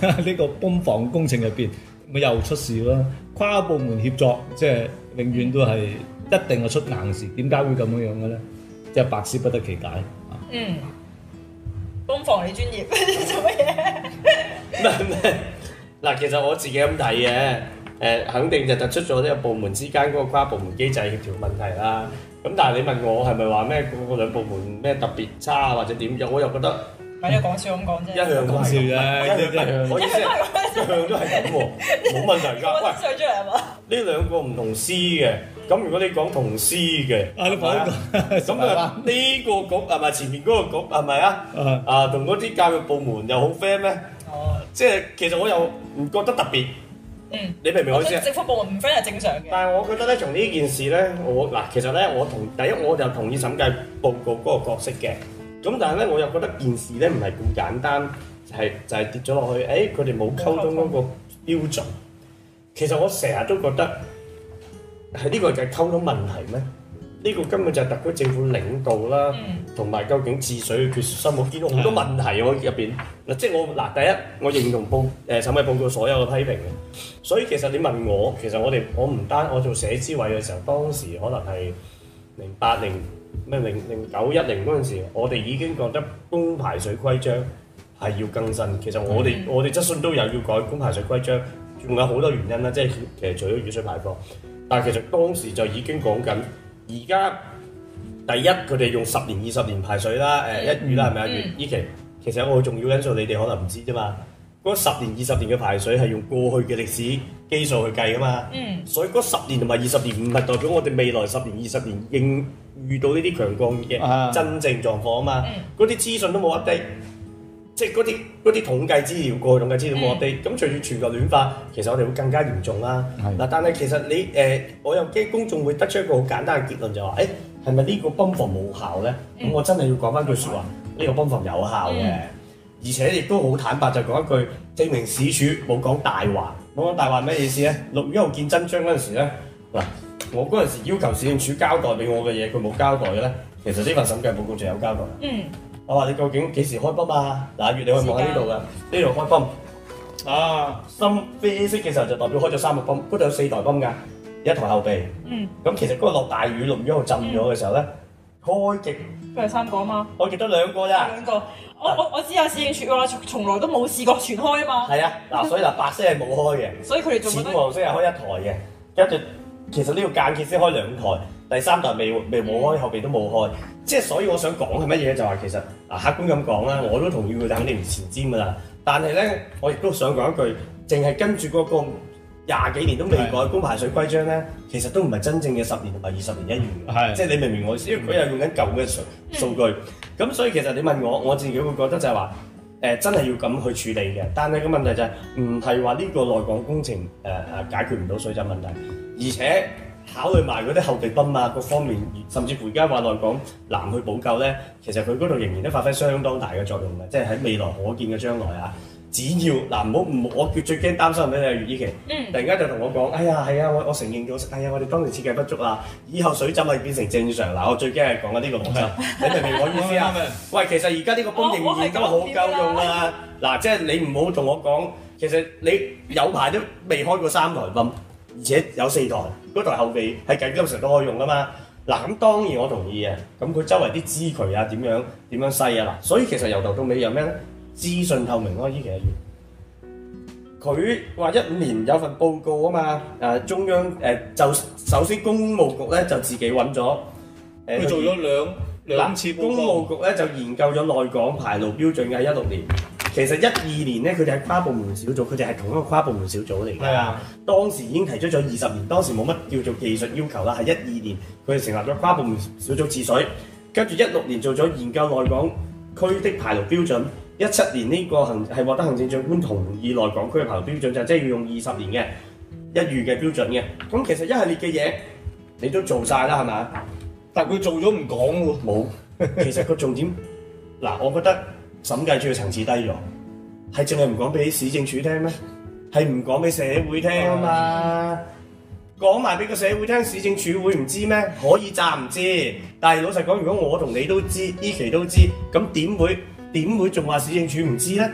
呢個泵房工程入邊，咪又出事咯。跨部門協作，即係永遠都係一定係出硬事。點解會咁樣樣嘅咧？即係百思不得其解。嗯，泵房你專業做乜嘢？唔係唔係嗱，其實我自己咁睇嘅，誒，肯定就突出咗呢個部門之間嗰個跨部門機制協調問題啦。咁但係你問我係咪話咩嗰兩部門咩特別差或者點樣，我又覺得。咪又講笑咁講啫，一樣講笑啫，一樣，我意思一樣都係咁喎，冇問題㗎。喂，想出嚟啊嘛？呢兩個唔同司嘅，咁如果你講同司嘅，啊，你講一講，咁啊呢個局係咪前面嗰個局係咪啊？啊，同嗰啲教育部門又好 friend 咩？哦，即係其實我又唔覺得特別。嗯，你明唔明我意思？政府部門唔 friend 係正常嘅。但係我覺得咧，從呢件事咧，我嗱，其實咧，我同第一我就同意審計報告嗰個角色嘅。咁但係咧，我又覺得件事咧唔係咁簡單，係就係跌咗落去，誒佢哋冇溝通嗰個標準。嗯嗯、其實我成日都覺得係呢、呢個就係溝通問題咩？呢、呢個根本就係特區政府領導啦，同埋、嗯、究竟治水嘅決心，我見到好多問題面、嗯嗯、我入邊嗱，即係我嗱第一，我認同報誒 審計報告所有嘅批評嘅。所以其實你問我，其實我哋我唔單我做社資委嘅時候，當時可能係零八零。咩零零九一零嗰陣時，我哋已經覺得供排水規章係要更新。其實我哋我哋質詢都有要改供排水規章，仲有好多原因啦。即係其實除咗雨水排放，但係其實當時就已經講緊。而家第一，佢哋用十年二十年排水啦，誒、呃嗯、一月啦，係咪啊？一月呢期、嗯、其實有個重要因素，你哋可能唔知啫嘛。嗰十年、二十年嘅排水係用過去嘅歷史基數去計噶嘛，嗯、所以嗰十年同埋二十年唔係代表我哋未來十年、二十年應遇到呢啲強降雨嘅真正狀況啊嘛，嗰啲資訊都冇甩低，嗯、即係嗰啲啲統計資料、過去統計資料冇甩低，咁隨住全球暖化，其實我哋會更加嚴重啦。嗱的，但係其實你誒、呃，我又驚公眾會得出一個好簡單嘅結論，就話誒係咪呢個泵房冇效咧？咁、嗯、我真係要講翻句説話，呢個泵房有效嘅。嗯而且亦都好坦白，就講一句，證明市處冇講大話。冇講大話咩意思咧？六月一號見真章嗰陣時咧，嗱、啊，我嗰陣時要求市政處交代俾我嘅嘢，佢冇交代嘅咧，其實呢份審計報告就有交代。嗯，我話你究竟幾時開泵嘛？嗱月你可以望喺呢度㗎？呢度開泵啊，深啡色嘅時候就代表開咗三個泵，嗰度有四台泵㗎，一台後備。嗯，咁其實嗰個落大雨六月一號浸咗嘅時候咧。嗯開極都係三個嘛，我極得兩個咋？我我我知有史穎說話從從來都冇試過全開啊嘛。係啊，嗱、啊，所以嗱，白色係冇開嘅， 所以佢哋做淺黃色係開一台嘅，跟住，其實呢個間歇先開兩台，第三台未未冇開，後邊都冇開。即係、嗯、所以我想講係乜嘢就話其實嗱、啊，客觀咁講啦，我都同意佢，就肯定唔前瞻噶啦。但係咧，我亦都想講一句，淨係跟住嗰、那個。廿幾年都未改工排水規章呢，其實都唔係真正嘅十年同埋二十年一遇嘅，的即係你明唔明我意思？因為佢又用緊舊嘅數數據，咁 所以其實你問我，我自己會覺得就係話，誒、呃、真係要咁去處理嘅。但係個問題就係、是，唔係話呢個內港工程誒、呃、解決唔到水浸問題，而且考慮埋嗰啲後備泵啊各方面，甚至乎而家話內港難去補救呢，其實佢嗰度仍然都發揮相當大嘅作用嘅，即係喺未來可見嘅將來啊。只要，嗱唔好唔，我最最驚擔心，你係余依琪，突然間就同我講，哎呀係啊，我我承認咗，哎呀我哋當時設計不足啦，以後水浸啊變成正常。嗱我最驚係講緊呢個泵芯， 你明唔明我意思啊？ 喂，其實而家呢個泵仍然都好夠用啦、啊。嗱、 啊，即係你唔好同我講，其實你有排都未開過三台泵，而且有四台，嗰台後備係緊急時都可以用噶嘛。嗱、啊、咁當然我同意啊。咁佢周圍啲支渠啊點樣點樣細啊嗱，所以其實由頭到尾有咩咧？資訊透明咯，依期要佢話一五年有份報告啊嘛。誒中央誒就首先公務局咧就自己揾咗誒，佢做咗兩兩次報告。公務局咧就研究咗內港排澇標準嘅喺一六年。其實一二年咧，佢哋係跨部門小組，佢哋係同一個跨部門小組嚟嘅。係啊，當時已經提出咗二十年，當時冇乜叫做技術要求啦。係一二年佢哋成立咗跨部門小組治水，跟住一六年做咗研究內港區的排澇標準。一七年呢個行係獲得行政長官同意，內港區嘅評估標準就係即係要用二十年嘅一遇嘅標準嘅。咁其實一系列嘅嘢你都做晒啦，係咪？但佢做咗唔講喎。冇， 其實個重點嗱，我覺得審計處嘅層次低咗，係淨係唔講俾市政署聽咩？係唔講俾社會聽啊嘛？ 講埋俾個社會聽，市政署會唔知咩？可以詐唔知，但係老實講，如果我同你都知依期都知，咁點會？點會仲話市政署唔知咧？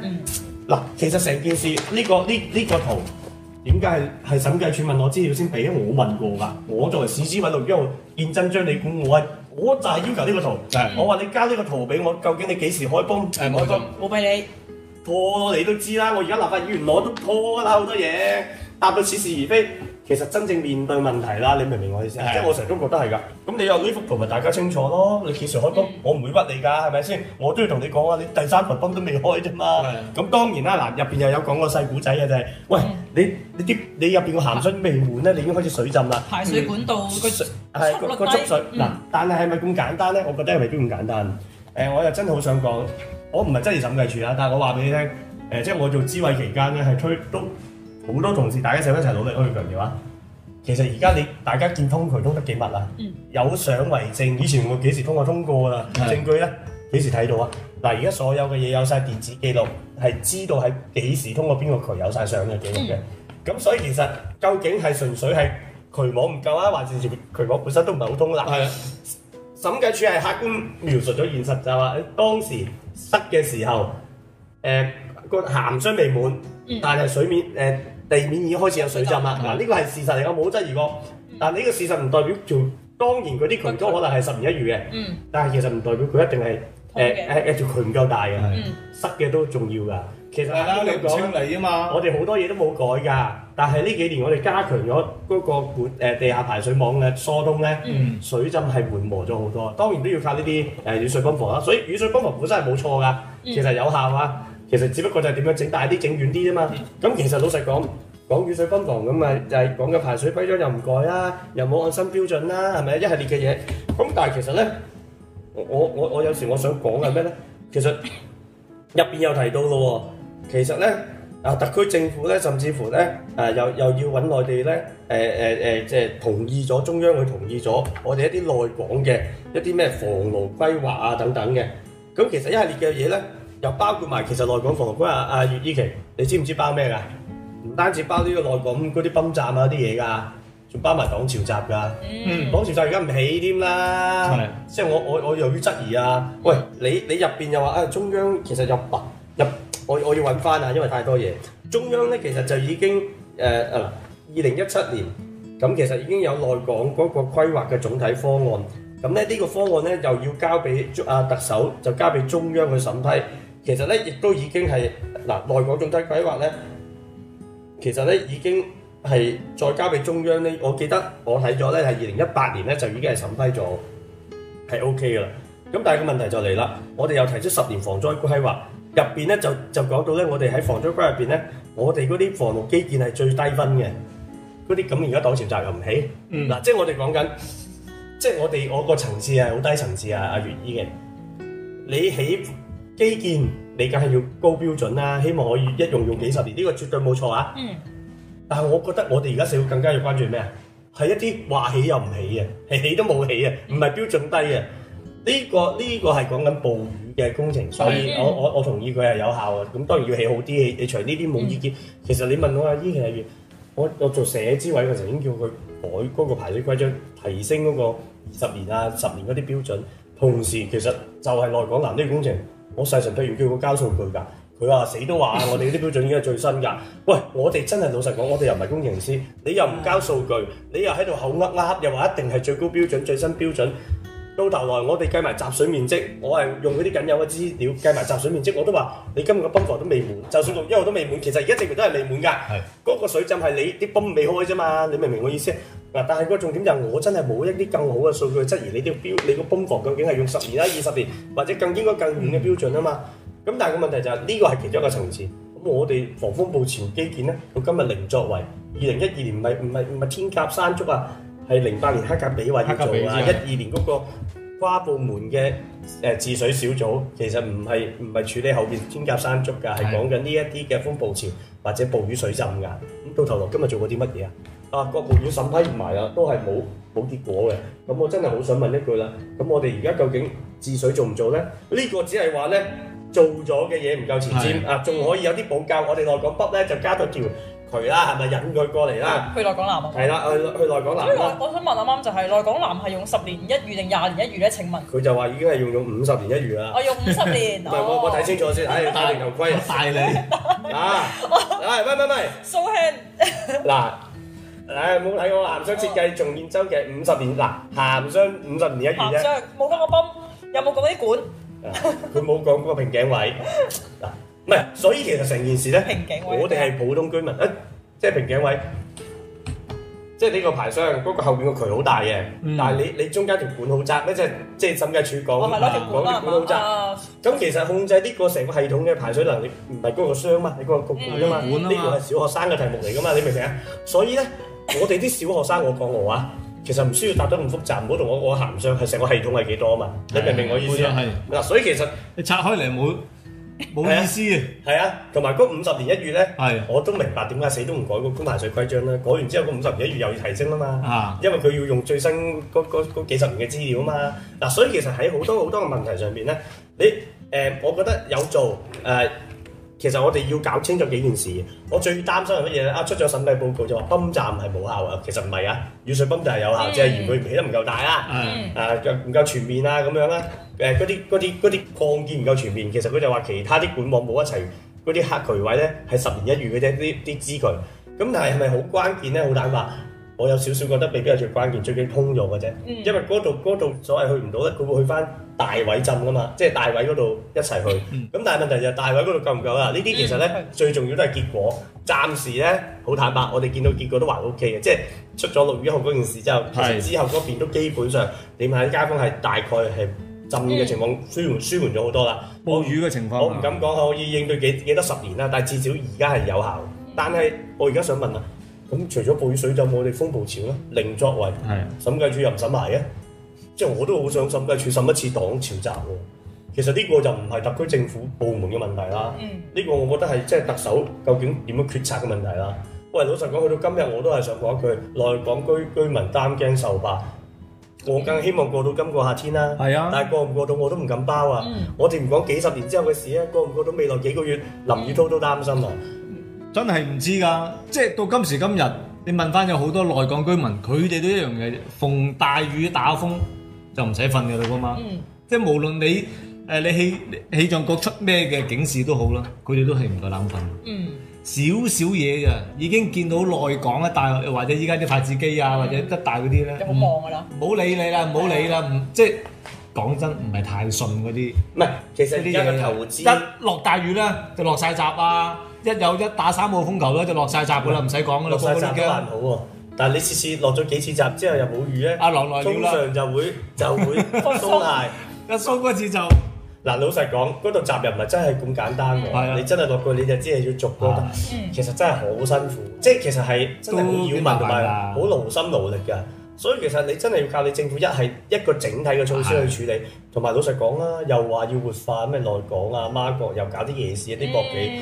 嗱、嗯，其實成件事呢、呢個呢呢、呢個圖點解係係審計署問我資料先俾我問過㗎，我作為市諮委度，因為我見真章，你估我係我就係要求呢個圖，嗯、我話你交呢個圖俾我，究竟你幾時開工？冇、嗯、幫錯，冇俾你拖，你都知啦。我而家立法議員攞都拖啦，好多嘢答到似是而非。其實真正面對問題啦，你明唔明我意思？即係我成日都覺得係㗎。咁你有呢幅圖咪大家清楚咯。你其實開泵，我唔會屈你㗎，係咪先？我都要同你講啊，你第三台泵都未開啫嘛。咁當然啦，嗱入邊又有講個細故仔嘅就係喂你你啲你入邊個鹹水未換咧，你已經開始水浸啦。排水管道個水係個個水嗱，但係係咪咁簡單咧？我覺得係咪都咁簡單。誒，我又真係好想講，我唔係真係審計處啊，但係我話俾你聽，誒，即係我做資委期間咧，係推都。好多同事，大家想一齊努力開渠嘅話。其實而家你大家見通渠通得幾密啊？有相為證，以前我幾時通啊？通過啦，證據咧幾時睇到啊？嗱，而家所有嘅嘢有晒電子記錄，係知道係幾時通過邊個渠有晒相嘅記錄嘅。咁所以其實究竟係純粹係渠網唔夠啊，還是渠網本身都唔係好通啦？審計處係客觀描述咗現實，就係話當時塞嘅時候，誒個鹹水未滿。但係水面誒地面已經開始有水浸啊！嗱，呢個係事實嚟嘅，我冇質疑過。但係呢個事實唔代表，做，當然佢啲渠溝可能係十年一遇嘅。嗯。但係其實唔代表佢一定係誒誒誒條渠唔夠大嘅，塞嘅都重要㗎。其實係啦，你清理啊嘛。我哋好多嘢都冇改㗎，但係呢幾年我哋加強咗嗰個管誒地下排水網嘅疏通咧，水浸係緩和咗好多。當然都要靠呢啲誒雨水泵房啦，所以雨水泵房本身係冇錯㗎，其實有效啊。其實只不過就係點樣整大啲、整遠啲啫嘛。咁其實老實講，講雨水泵房咁、就是、啊，就係講嘅排水規章又唔改啦，又冇按新標準啦、啊，係咪？一系列嘅嘢。咁但係其實咧，我我我有時我想講嘅係咩咧？其實入邊又提到咯。其實咧，啊特區政府咧，甚至乎咧，誒、啊、又又要揾內地咧，誒誒誒，即係同意咗中央去同意咗我哋一啲內港嘅一啲咩防澇規劃啊等等嘅。咁其實一系列嘅嘢咧。又包括埋其實內港房局啊，阿月依琪，你知唔知包咩噶？唔單止包呢個內港嗰啲泵站啊啲嘢噶，仲包埋擋潮閘噶。擋、嗯、潮閘而家唔起添啦。嗯、即係我我我由於質疑啊，喂，你你入邊又話啊中央其實入白入，我我要揾翻啊，因為太多嘢。中央咧其實就已經誒啊，二零一七年咁其實已經有內港嗰個規劃嘅總體方案。咁咧呢個方案咧又要交俾啊特首，就交俾中央去審批。其實咧，亦都已經係嗱、啊、內港總體規劃咧，其實咧已經係再交俾中央咧。我記得我睇咗咧係二零一八年咧就已經係審批咗，係 OK 噶啦。咁但係個問題就嚟啦，我哋又提出十年防災規劃入邊咧，就就講到咧我哋喺防災規劃入邊咧，我哋嗰啲防洪基建係最低分嘅嗰啲，咁而家擋潮閘又唔起。嗱、嗯啊，即係我哋講緊，即係我哋我個層次係、啊、好低層次啊！阿月姨嘅，你起？基建你梗係要高標準啦，希望可以一用用幾十年，呢個絕對冇錯啊。嗯。但係我覺得我哋而家社會更加要關注咩啊？係一啲話起又唔起嘅，係起都冇起嘅，唔係標準低嘅。呢個呢個係講緊暴雨嘅工程，所以我我我同意佢係有效啊。咁當然要起好啲，你你除呢啲冇意見。其實你問我阿姨，其實我我做社諮委嘅時候已經叫佢改嗰個排水規章，提升嗰個二十年啊十年嗰啲標準。同時其實就係內港南呢個工程。我細神譬如叫佢交數據㗎，佢話死都話啊！我哋嗰啲標準已經係最新㗎。喂，我哋真係老實講，我哋又唔係工程師，你又唔交數據，你又喺度口噏噏，又話一定係最高標準、最新標準。到頭來，我哋計埋集水面積，我係用嗰啲僅有嘅資料計埋集水面積，我都話你今日嘅泵房都未滿，就算因為我都未滿，其實而家證明都係未滿㗎。係嗰個水浸係你啲泵未開啫嘛，你明唔明我意思？嗱，但係個重點就係我真係冇一啲更好嘅數據去質疑你啲標，你個泵房究竟係用十年啊、二十年，或者更應該更遠嘅標準啊嘛。咁但係個問題就係呢個係其中一個層次。咁我哋防風暴潮基建咧，到今日零作為。二零一二年唔係唔係唔係天鴿山竹啊，係零八年黑格比話要做啊，一二年嗰個跨部門嘅誒治水小組，其實唔係唔係處理後邊天鴿山竹㗎，係講緊呢一啲嘅風暴潮或者暴雨水浸㗎。咁到頭來今日做過啲乜嘢啊？啊，各部門審批唔埋啊，都係冇冇結果嘅。咁我真係好想問一句啦。咁我哋而家究竟治水做唔做咧？呢個只係話咧，做咗嘅嘢唔夠前瞻啊，仲可以有啲補救。我哋內港北咧就加咗條渠啦，係咪引佢過嚟啦？去內港南啊？係啦，去去內港南。我想問啱唔啱就係內港南係用十年一遇定廿年一遇咧？請問？佢就話已經係用咗五十年一遇啦。我用五十年。唔係我我睇清楚先，戴定頭盔，曬你啊！係喂喂喂，蘇慶嗱。唉，冇睇我鹹商設計重現週期五十年，嗱鹹商五十年一樣啫。鹹商冇得我泵，有冇講啲管？佢冇講嗰個瓶頸位，嗱，唔係，所以其實成件事咧，我哋係普通居民，一即係瓶頸位，即係呢個排商，嗰個後邊個渠好大嘅，但係你你中間條管好窄咧，即係即係審計處講，講條管好窄。咁其實控制呢個成個系統嘅排水能力，唔係嗰個箱嘛，係嗰個管啊嘛，呢個係小學生嘅題目嚟噶嘛，你明唔明？所以咧。我哋啲小學生，我講我啊，其實唔需要答得咁複雜，唔好同我講行上去係成個系統係幾多啊嘛，你明唔明我意思？嗱，所以其實你拆開嚟冇冇意思嘅。係啊，同埋嗰五十年一月咧，我都明白點解死都唔改嗰個供排水規章啦。改完之後嗰五十年一月又要提升啦嘛，因為佢要用最新嗰嗰嗰幾十年嘅資料啊嘛。嗱，所以其實喺好多好多嘅問題上邊咧，你誒，我覺得有做誒。其實我哋要搞清楚幾件事，我最擔心係乜嘢咧？啊，出咗審計報告就話泵站係冇效啊，其實唔係啊，雨水泵就係有效，嗯、即係嫌佢起得唔夠大啦，嗯、啊唔夠全面啊咁樣啦、啊，誒嗰啲嗰啲嗰啲擴建唔夠全面，其實佢就話其他啲管網冇一齊嗰啲黑渠位咧係十年一遇嘅啫，啲啲支渠，咁但係係咪好關鍵咧？好難話。我有少少覺得未必係最關鍵，最緊通咗嘅啫。嗯、因為嗰度度所謂去唔到咧，佢會去翻大圍浸㗎嘛，即係大圍嗰度一齊去。咁、嗯、但係問題就係、是、大圍嗰度夠唔夠啊？呢啲其實咧、嗯、最重要都係結果。暫時咧好坦白，我哋見到結果都還 OK 嘅，即係出咗六月一號嗰件事之後，是 其實之後嗰邊都基本上點解？啲街坊係大概係浸嘅情況，舒緩、嗯、舒緩咗好多啦。暴雨嘅情況我，我唔敢講可以應對幾幾多十年啦，但係至少而家係有效。但係我而家想問啊。咁、嗯、除咗暴雨水浸，有我哋風暴潮咧，零作為，的審計處又唔審埋嘅，即係我都好想審計處審一次黨潮襲喎。其實呢個就唔係特區政府部門嘅問題啦，呢、嗯、個我覺得係即係特首究竟點樣決策嘅問題啦。嗯、喂，老實講，去到今日我都係想講一句，內港居居民擔驚受怕，我更希望過到今個夏天啦、啊，的但係過唔過到我都唔敢包啊。嗯、我哋唔講幾十年之後嘅事啊，過唔過到未來幾個月，林宇滔都擔心啊。嗯嗯真係唔知噶，即係到今時今日，你問翻有好多內港居民，佢哋都一樣嘅，逢大雨打風就唔使瞓嘅啦嘛。嗯、即係無論你誒你氣氣象局出咩嘅警示都好啦，佢哋都係唔夠膽瞓。少少嘢嘅已經見到內港啊，大又或者依家啲筷子基啊，嗯、或者得大嗰啲咧，冇望噶啦。唔好、嗯、理你啦，唔好理啦，唔的即係講真，唔係太順嗰啲。唔係，其實有個投資，一落大雨咧就落晒閘啊。一有一打三個風球咧，就落晒閘嘅啦，唔使講啦。落晒閘都還好喎，但係你次次落咗幾次閘之後又冇雨咧？阿郎內了通常就會就會鬆懈，一鬆嗰次就嗱，老實講，嗰度閘又唔係真係咁簡單嘅，你真係落過你就知係要逐個，其實真係好辛苦，即係其實係真係好擾民同埋好勞心勞力㗎。所以其實你真係要靠你政府一係一個整體嘅措施去處理，同埋老實講啦，又話要活化咩內港啊、媽閣，又搞啲夜市、一啲博企。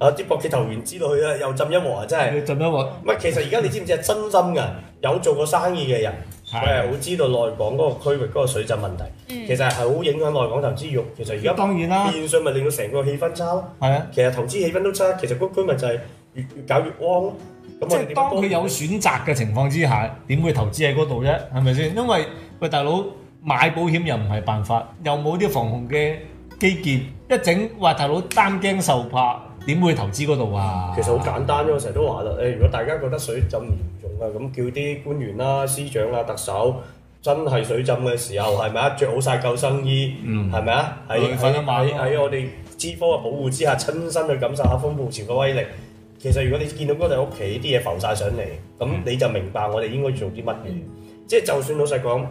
啊！啲博企投完資到去啦，又浸一鑊啊！真係，浸一鑊。唔係，其實而家你知唔知係真心嘅？有做過生意嘅人，佢係好知道內港嗰個區域嗰個水浸問題。嗯，其實係好影響內港投資欲。其實而家當然啦，變相咪令到成個氣氛差咯。係啊，其實投資氣氛都差。其實個區咪就係越越搞越旺咯。咁即係當佢有選擇嘅情況之下，點會投資喺嗰度啫？係咪先？因為喂大佬買保險又唔係辦法，又冇啲防洪嘅基建，一整話大佬擔驚受怕。點會投資嗰度啊？其實好簡單啫，我成日都話啦，誒，如果大家覺得水浸嚴重啊，咁叫啲官員啦、司長啦、特首，真係水浸嘅時候，係咪啊，著好晒救生衣，係咪啊？喺喺喺我哋脂科嘅保護之下，親身去感受下風暴潮嘅威力。其實如果你見到嗰陣屋企啲嘢浮晒上嚟，咁你就明白我哋應該要做啲乜嘢。即係、嗯、就算老實講。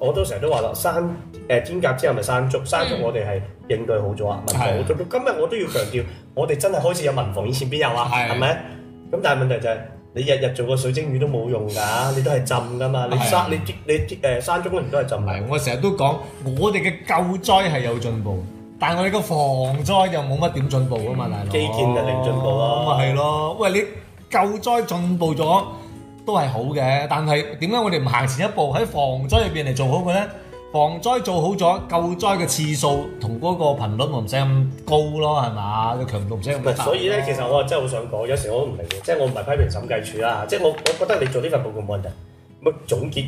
我都成日都話啦，山誒天鴿之後咪山竹，山竹我哋係應對好咗啊，民防好咗。今日我都要強調，我哋真係開始有民防以前邊有啊，係咪？咁但係問題就係你日日做個水晶魚都冇用㗎，你都係浸㗎嘛，你山你啲你啲誒山竹嗰啲都係浸埋。我成日都講，我哋嘅救災係有進步，但係我哋個防災又冇乜點進步啊嘛，大佬。基建就零進步咯，咁咪係咯。喂，你救災進步咗。都係好嘅，但係點解我哋唔行前一步喺防災入邊嚟做好佢咧？防災做好咗，救災嘅次數同嗰個頻率唔使咁高咯，係嘛？個強度唔使咁高。唔係，所以咧，其實我真係好想講，有時我都唔明嘅，即係我唔係批評審計處啦，即係我我覺得你做呢份報告冇問題。乜總結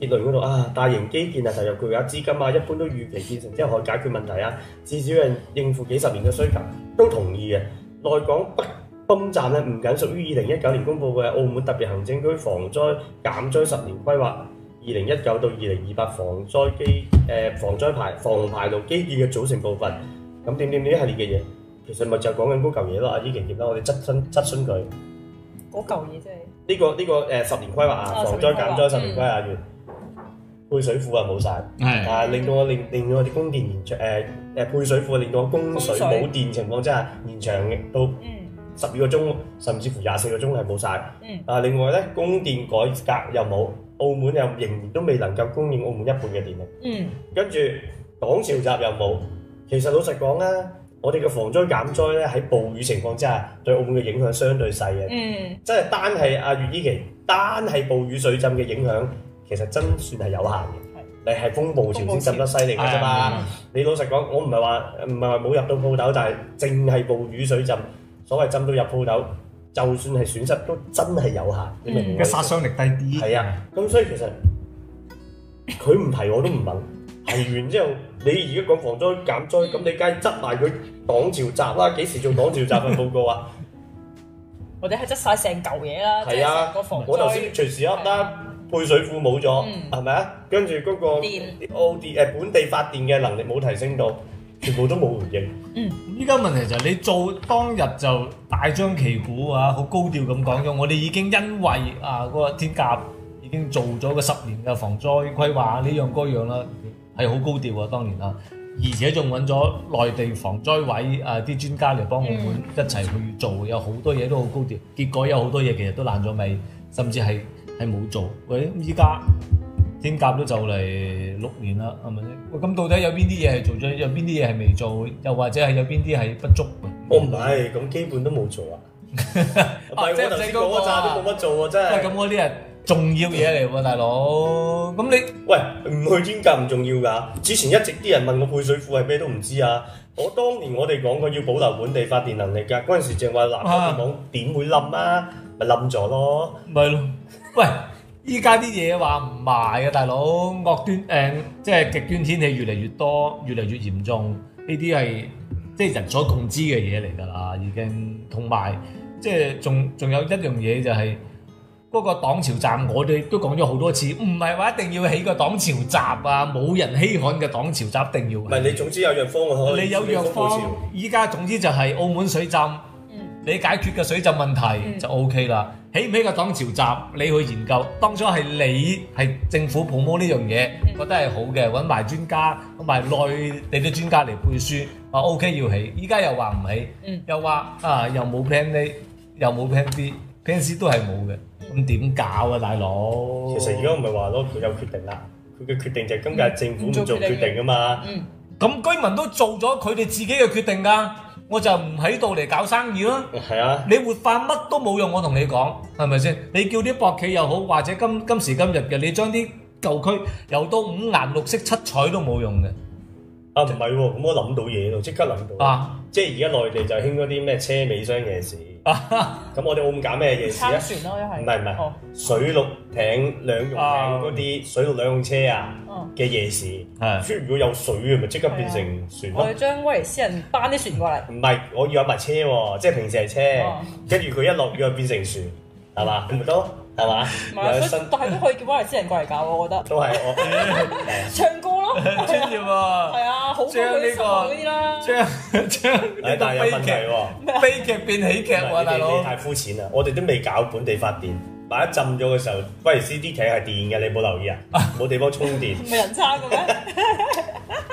結論嗰度啊？大型基建啊，投入巨額資金啊，一般都預期建成之後可以解決問題啊，至少係應付幾十年嘅需求，都同意嘅。內港泵站咧唔僅屬於二零一九年公布嘅《澳門特別行政區防災減災十年規劃》（二零一九到二零二八防災基誒防災排防洪排導基建嘅組成部分），咁點點呢一系列嘅嘢，其實咪就係講緊嗰嚿嘢咯，阿李傑傑啦，我哋質詢質詢佢。嗰嚿嘢真係。呢個呢個誒十年規劃啊，防災減災十年規劃，原配水庫啊冇曬，係令到我令令到我哋供電現場誒誒配水庫令到供水冇電情況之下，現場亦都。十二個鐘，甚至乎廿四個鐘係冇曬。啊、嗯，另外咧，供電改革又冇，澳門又仍然都未能夠供應澳門一半嘅電力。嗯，跟住擋潮閘又冇。其實老實講咧，我哋嘅防災減災咧喺暴雨情況之下，對澳門嘅影響相對細嘅。嗯，即係單係阿月依期，單係暴雨水浸嘅影響，其實真算係有限嘅。嗯、你係風暴潮先浸得犀利㗎啫嘛。你老實講，我唔係話唔係話冇入到鋪頭，但係淨係暴雨水浸。所謂浸到入鋪頭，就算係損失都真係有限，你明唔明啊？個殺傷力低啲係啊，咁所以其實佢唔提我都唔問，提完之後你而家講防災減災，咁你梗係執埋佢擋潮閘啦，幾時做擋潮閘嘅報告啊？我哋係執曬成嚿嘢啦，係啊，個防災。我頭先隨時噏啦，配水庫冇咗，係咪啊？跟住嗰個澳電誒本地發電嘅能力冇提升到。全部都冇回應。嗯，依家，問題就係你做當日就大張旗鼓啊，好高調咁講咗，我哋已經因為啊、嗰個天鴿已經做咗個十年嘅防災規劃呢樣嗰樣啦，係好高調啊！當然啊，而且仲揾咗內地防災委啊啲專家嚟幫澳門一齊去做，有好多嘢都好高調。結果有好多嘢其實都爛咗尾，甚至係係冇做。喂，依家天鴿都就嚟六年啦，係咪咁到底有邊啲嘢係做咗，有邊啲嘢係未做，又或者係有邊啲係不足？我唔係，咁基本都冇做啊！即係講嗰紮都冇乜做啊！真係。喂，咁嗰啲係重要嘢嚟喎，大佬。咁你喂唔去天鴿唔重要噶？之前一直啲人問我配水庫係咩都唔知啊！我當年我哋講過要保留本地發電能力㗎，嗰陣時淨係話南方電網點會冧啊？咪冧咗咯，咪咯，喂！依家啲嘢話唔賣啊，大佬！惡端誒、呃，即係極端天氣越嚟越多，越嚟越嚴重，呢啲係即係人所共知嘅嘢嚟㗎啦，已經。同埋即係仲仲有一樣嘢就係嗰個擋潮閘，我哋都講咗好多次，唔係話一定要起個擋潮閘啊，冇人稀罕嘅擋潮閘，一定要。唔係你總之有藥方，啊、方，你有藥方。依家總之就係澳門水浸。你解決嘅水浸問題、嗯、就 OK 啦，起唔起個擋潮閘你去研究。當初係你係政府 promote 呢樣嘢，嗯、覺得係好嘅，揾埋專家同埋內地啲專家嚟背書，話、啊、OK 要起。依家又話唔起，又話啊又冇 plan A，又冇 plan B，plan C 都係冇嘅。咁點搞啊，大佬？其實而家唔係話咯，佢有決定啦。佢嘅決定就係今日、嗯、政府唔做決定啊嘛。咁、嗯嗯、居民都做咗佢哋自己嘅決定噶。我就唔喺度嚟搞生意咯，啊、你活化乜都冇用，我同你講，係咪先？你叫啲博企又好，或者今今時今日嘅，你將啲舊區由到五顏六色七彩都冇用嘅。啊，唔係喎，咁我諗到嘢咯，即刻諗到，即係而家內地就興嗰啲咩車尾箱夜市，咁我哋澳門揀咩夜市咧？船咯，一係唔係唔係水陸艇、兩用艇嗰啲水陸兩用車啊嘅夜市，係如果有水咪即刻變成船，可以將威尼斯人搬啲船過嚟。唔係，我要有埋車喎，即係平時係車，跟住佢一落雨又變成船，係嘛？咁咪得。係嘛？但係都可以叫威尼斯人過嚟搞，我覺得。都係我 唱歌咯，專業喎。係 啊，好正呢個啲啦。將將，但係有問題喎。 悲劇變喜劇喎，大佬些。 太膚淺啦！我哋都未搞本地發電，萬一浸咗嘅時候，威尼斯啲艇係電嘅，你冇留意啊？冇 地方充電，唔係人差嘅咩？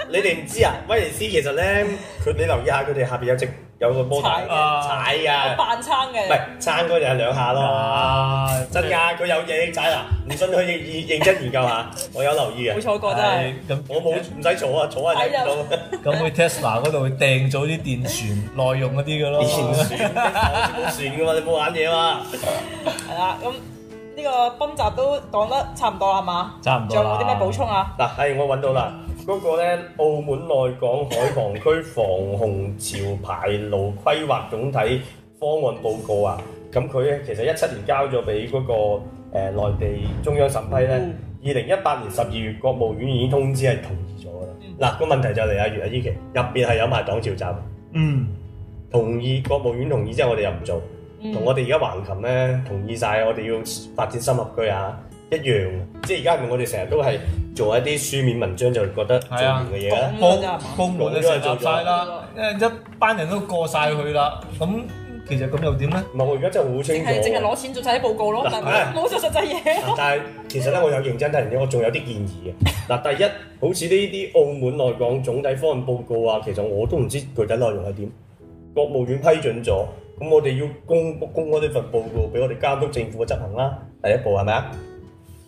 你哋唔知啊？威尼斯其實咧，佢你留意下佢哋下邊有隻。有個波艇，踩啊！扮撐嘅，唔係撐嗰陣兩下咯。啊，真噶，佢有嘢踩啊！唔信佢認認真研究下，我有留意啊。冇坐過真係咁我冇唔使坐啊，坐唔到。咁去 Tesla 嗰度訂咗啲電船內用嗰啲嘅咯。電船船嘅嘛，你冇玩嘢嘛？係啦，咁呢個泵閘都講得差唔多啦嘛，差唔多，仲有冇啲咩補充啊？嗱，係我揾到啦。嗰個咧，澳門內港海防區防洪潮排澇規劃總體方案報告啊，咁佢其實一七年交咗俾嗰個誒內地中央審批咧，二零一八年十二月國務院已經通知係同意咗啦。嗱，個問題就嚟啊，月啊依期入邊係有埋擋潮閘，嗯，同意國務院同意之後，我哋又唔做，同我哋而家橫琴咧同意曬，我哋要發展深合區啊。一樣，即係而家唔係我哋成日都係做一啲書面文章，就覺得做完嘅嘢啊。澳澳門都係做曬啦，因為一班人都過曬去啦。咁其實咁又點咧？唔係我而家真係好清楚，淨係淨係攞錢做曬啲報告咯，係咪？冇做實際嘢。但係其實咧，我有認真睇完嘅，我仲有啲建議嘅嗱。第一，好似呢啲澳門內港總體方案報告啊，其實我都唔知具體內容係點。國務院批准咗，咁我哋要公公開呢份報告俾我哋監督政府嘅執行啦。第一步係咪啊？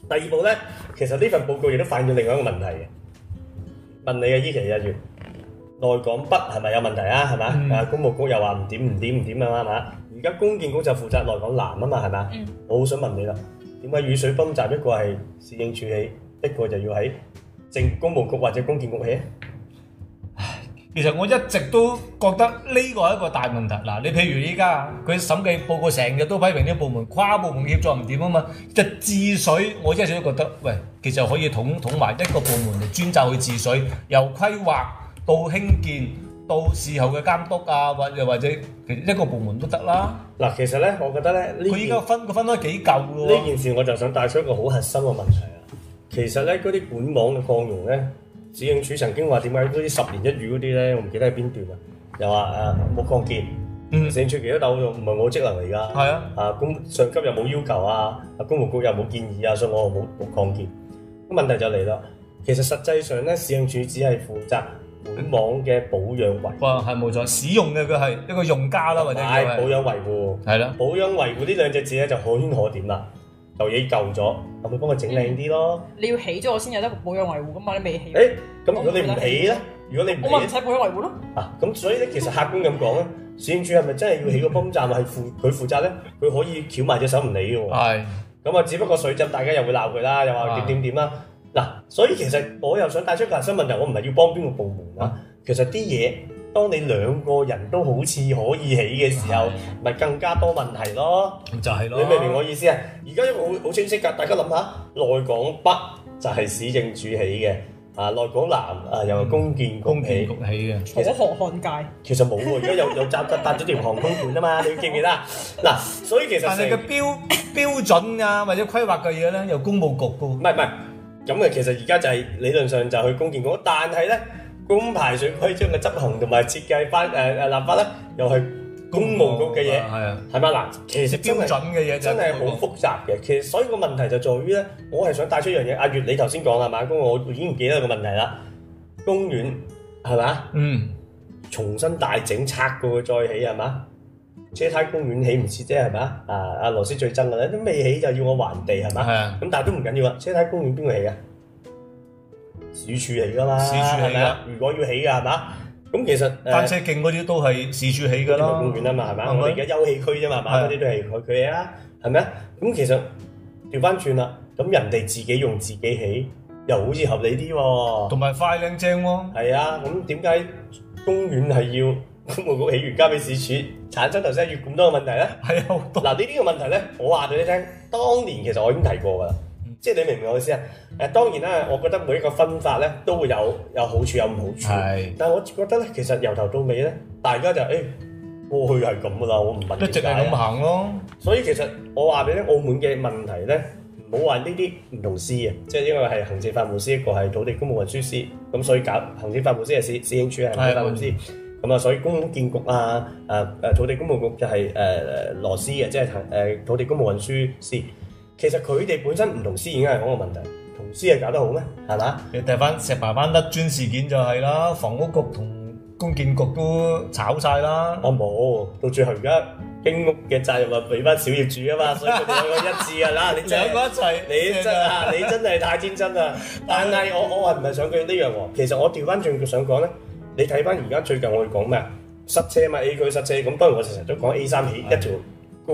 第二步咧，其實呢份報告亦都反映另外一個問題嘅。問你啊，依期一月內港北係咪有問題啊？係嘛？啊、嗯，工務局又話唔點唔點唔點啊嘛，係嘛？而家公建局就負責內港南啊嘛，係嘛？嗯、我好想問你啦，點解雨水泵站一個係市政署起，一個就要喺政工務局或者公建局起？其實我一直都覺得呢個係一個大問題嗱、啊，你譬如依家佢審計報告成日都批評啲部門跨部門協作唔掂啊嘛，即係治水，我一直都覺得喂，其實可以統統埋一個部門嚟專責去治水，由規劃到興建到事後嘅監督啊，或又或者其實一個部門都得啦、啊。嗱，其實咧，我覺得咧，佢依家分佢分開幾嚿嘅喎。呢件事我就想帶出一個好核心嘅問題啊，其實咧嗰啲管網嘅擴容咧。市政署曾經話點解嗰啲十年一遇嗰啲咧，我唔記得係邊段啊？又話誒冇擴建，嗯、市政其幾都樓就唔係我職能嚟噶。係啊，啊公上級又冇要求啊，啊公務局又冇建議啊，所以我冇冇擴建。問題就嚟啦，其實實際上咧，市政署只係負責本網嘅保養維。哇，係冇錯，使用嘅佢係一個用家啦，或者係保養維護。係啦、嗯，是保養維護呢、啊、兩隻字咧就可圈可點啦。舊嘢舊咗，我咪幫佢整靚啲咯。你要起咗，我先有得保養維護噶嘛，你未起。誒、欸，咁如果你唔起咧，如果你唔，我咪唔使保養維護咯。嗱、啊，咁所以咧，其實客觀咁講咧，水電處係咪真係要起個泵站，係負佢負責咧？佢可以翹埋隻手唔理嘅。係。咁啊，只不過水浸，大家又會鬧佢啦，又話點點點啦。嗱、 啊，所以其實我又想帶出個新問題，我唔係要幫邊個部門啊？ 其實啲嘢。當你兩個人都好似可以起嘅時候，咪更加多問題咯。就係咯，你明唔明我意思啊？而家因為好好清晰㗎，大家諗下，內港北就係市政署起嘅，啊內港南啊又係公建局起嘅，楚河漢界其實冇喎，而家又又搭搭咗條航空管啊嘛，你記唔記得？嗱，所以其實但係你嘅標標準啊或者規劃嘅嘢咧，由工務局㗎喎。唔係唔係咁嘅，其實而家就係理論上就係去公建局，但係咧。工排水規章嘅執行同埋設計翻誒誒立法咧，又、呃、係、呃呃呃呃、公務局嘅嘢，係嘛嗱，其實標準嘅嘢真係好複雜嘅。其實所以個問題就在於咧，我係想帶出一樣嘢。阿、啊、月你頭先講啦嘛，咁我已經唔記得個問題啦。公園係嘛，嗯，重新大整拆過再起係嘛？車胎公園起唔切啫係嘛？啊啊羅司最憎嘅啦，都未起就要我還地係嘛？係啊。咁但係都唔緊要啊，車胎公園邊個起啊？市處嚟噶嘛，市處起啦。如果要起噶係嘛？咁其實單車徑嗰啲都係市處起噶咯。公園啊嘛係嘛，吧我哋而家休憩區啫嘛係嘛，嗰啲都係佢佢啊係咪啊？咁吧其實調翻轉啦，咁人哋自己用自己起，又好似合理啲喎，同埋快靚正喎。係啊，咁點解公園係要公務局起完交俾市處，產生頭先要咁多嘅問題咧？係啊有，嗱呢啲個問題咧，我話俾你聽，當年其實我已經提過噶啦。即係你明唔明我意思啊？誒當然啦，我覺得每一個分法咧都會有有好處有唔好處。係，但係我覺得咧，其實由頭到尾咧，大家就誒過去係咁噶啦，我唔問點解咁行咯。所以其實我話俾你咧，澳門嘅問題咧，唔好話呢啲唔同師啊，即係因為一個係行政法務司，一個係土地工務運輸司，咁所以搞行政法務司係市市政處，係行政法務司。咁啊，所以工務建局啊，誒誒土地工務局就係誒羅司嘅，即係誒土地工務運輸司。其實佢哋本身唔同司已經係講個問題，同司係搞得好咩？係嘛？你睇翻石排灣甩磚事件就係啦，房屋局同公建局都炒曬啦。我冇，到最後而家經屋嘅責任話俾翻小業主啊嘛，所以佢哋兩個一致啊。嗱，你兩個一齊，你真啊，你真係太天真啦。但係我我係唔係想講呢樣喎？其實我調翻轉想講咧，你睇翻而家最近我會講咩啊？塞車嘛，A 區塞車咁。當我成日都講 A 三起一條。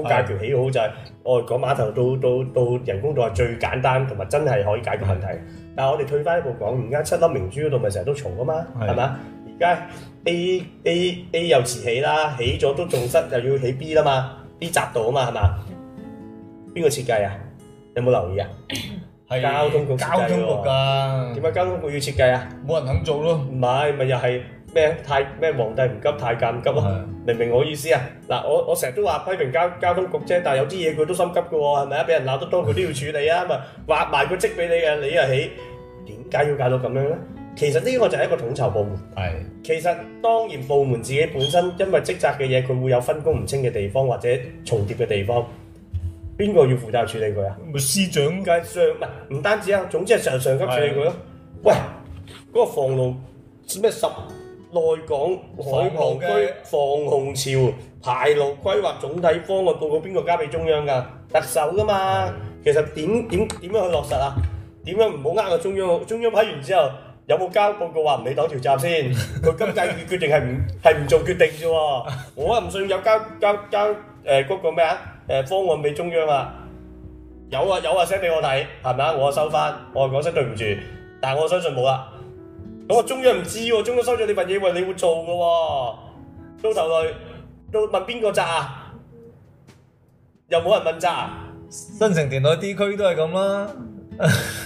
高架橋起好就係，我哋講碼頭到到到人工島係最簡單，同埋真係可以解決問題。但係我哋退翻一步講，而家七粒明珠嗰度咪成日都嘈噶嘛，係嘛？而家 A A A 又遲起啦，起咗都仲塞，又要起 B 啦嘛，B 窄道啊嘛，係嘛？邊個設計啊？有冇留意啊？係交通局設計㗎。點解交通局要設計啊？冇人肯做咯。唔係，咪又係。咩太咩皇帝唔急太監急啊！明唔明我意思啊？嗱，我我成日都話批評交交通局啫，但係有啲嘢佢都心急嘅喎，係咪啊？俾人鬧得多，佢都要處理啊！咪劃埋個職俾你啊，你又起？點解要搞到咁樣咧？其實呢個就係一個統籌部門。係，其實當然部門自己本身因為職責嘅嘢，佢會有分工唔清嘅地方或者重疊嘅地方，邊個要負責處理佢啊？咪司長階上，唔唔單止啊，總之係上上級處理佢咯。喂，嗰個房路做咩濕？內港海傍區防洪潮排澇規劃總體方案報告邊個交俾中央㗎？特首㗎嘛？其實點點點樣去落實啊？點樣唔好呃個中央？中央批完之後有冇交報告話唔理黨調站先？佢今屆決決定係唔係唔做決定啫？我唔信有交交交誒嗰個咩啊？誒方案俾中央啊？有啊有啊，寫俾我睇係咪啊？我收翻，我講聲對唔住，但係我相信冇啦。咁我中央唔知喎，中央收咗你份嘢，以為你會做噶喎，到頭來，到問邊個責啊？又冇人問責？新城電台 D 區都係咁啦，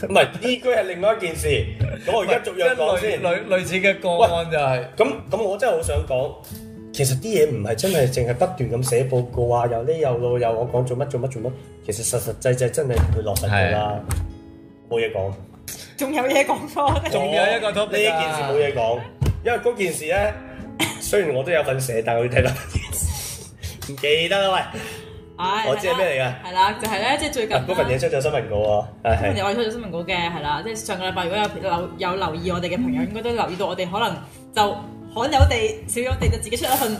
唔係 D 區係另外一件事，咁我而家逐樣講先，類類似嘅個案就係，咁咁我真係好想講，其實啲嘢唔係真係淨係不斷咁寫報告啊，又呢又嗰又我講做乜做乜做乜，其實實實際際真係唔會落實噶啦，冇嘢講。仲有嘢講多？仲有一個 topic 啊！呢件事冇嘢講，因為嗰件事咧，雖然我都有份寫，但係我要睇落。唔記得啦，喂，我知係咩嚟㗎？係啦，就係咧，即係最近嗰份嘢出咗新聞稿嘅喎。係，我哋出咗新聞稿嘅，係啦。即係上個禮拜，如果有留有留意我哋嘅朋友，應該都留意到我哋可能就罕有地少有地就自己出一份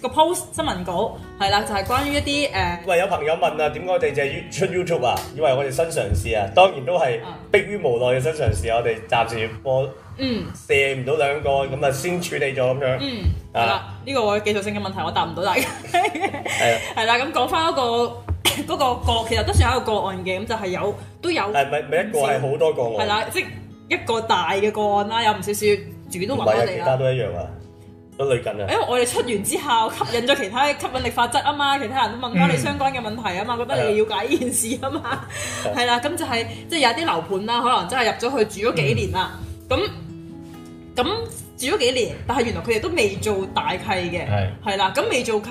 個 post 新聞稿係啦，就係、是、關於一啲誒。呃、喂，有朋友問啊，點解我哋淨係出 YouTube 啊？以為我哋新嘗試啊，當然都係迫於無奈嘅新嘗試、啊。我哋暫時播，嗯，射唔到兩個咁啊，就先處理咗咁樣。嗯，係啦、啊，呢、這個我技術性嘅問題我答唔到大家。啦了，係啦， 咁講翻一個嗰、那個個，其實都算係一個個案嘅。咁就係、是、有都有。誒，唔係唔係一個，係好多個案。係啦，即、就、係、是、一個大嘅個案啦，有唔少少主都揾到你啦。唔係，其他都一樣啊。因為我哋出完之後，吸引咗其他吸引力法則啊嘛，其他人都問翻你相關嘅問題啊嘛，嗯、覺得你瞭解呢件事啊嘛，係啦、嗯， 咁就係即係有啲樓盤啦，可能真係入咗去住咗幾年啦，咁。嗯咁住咗幾年，但係原來佢哋都未做大契嘅，係啦。咁未做契，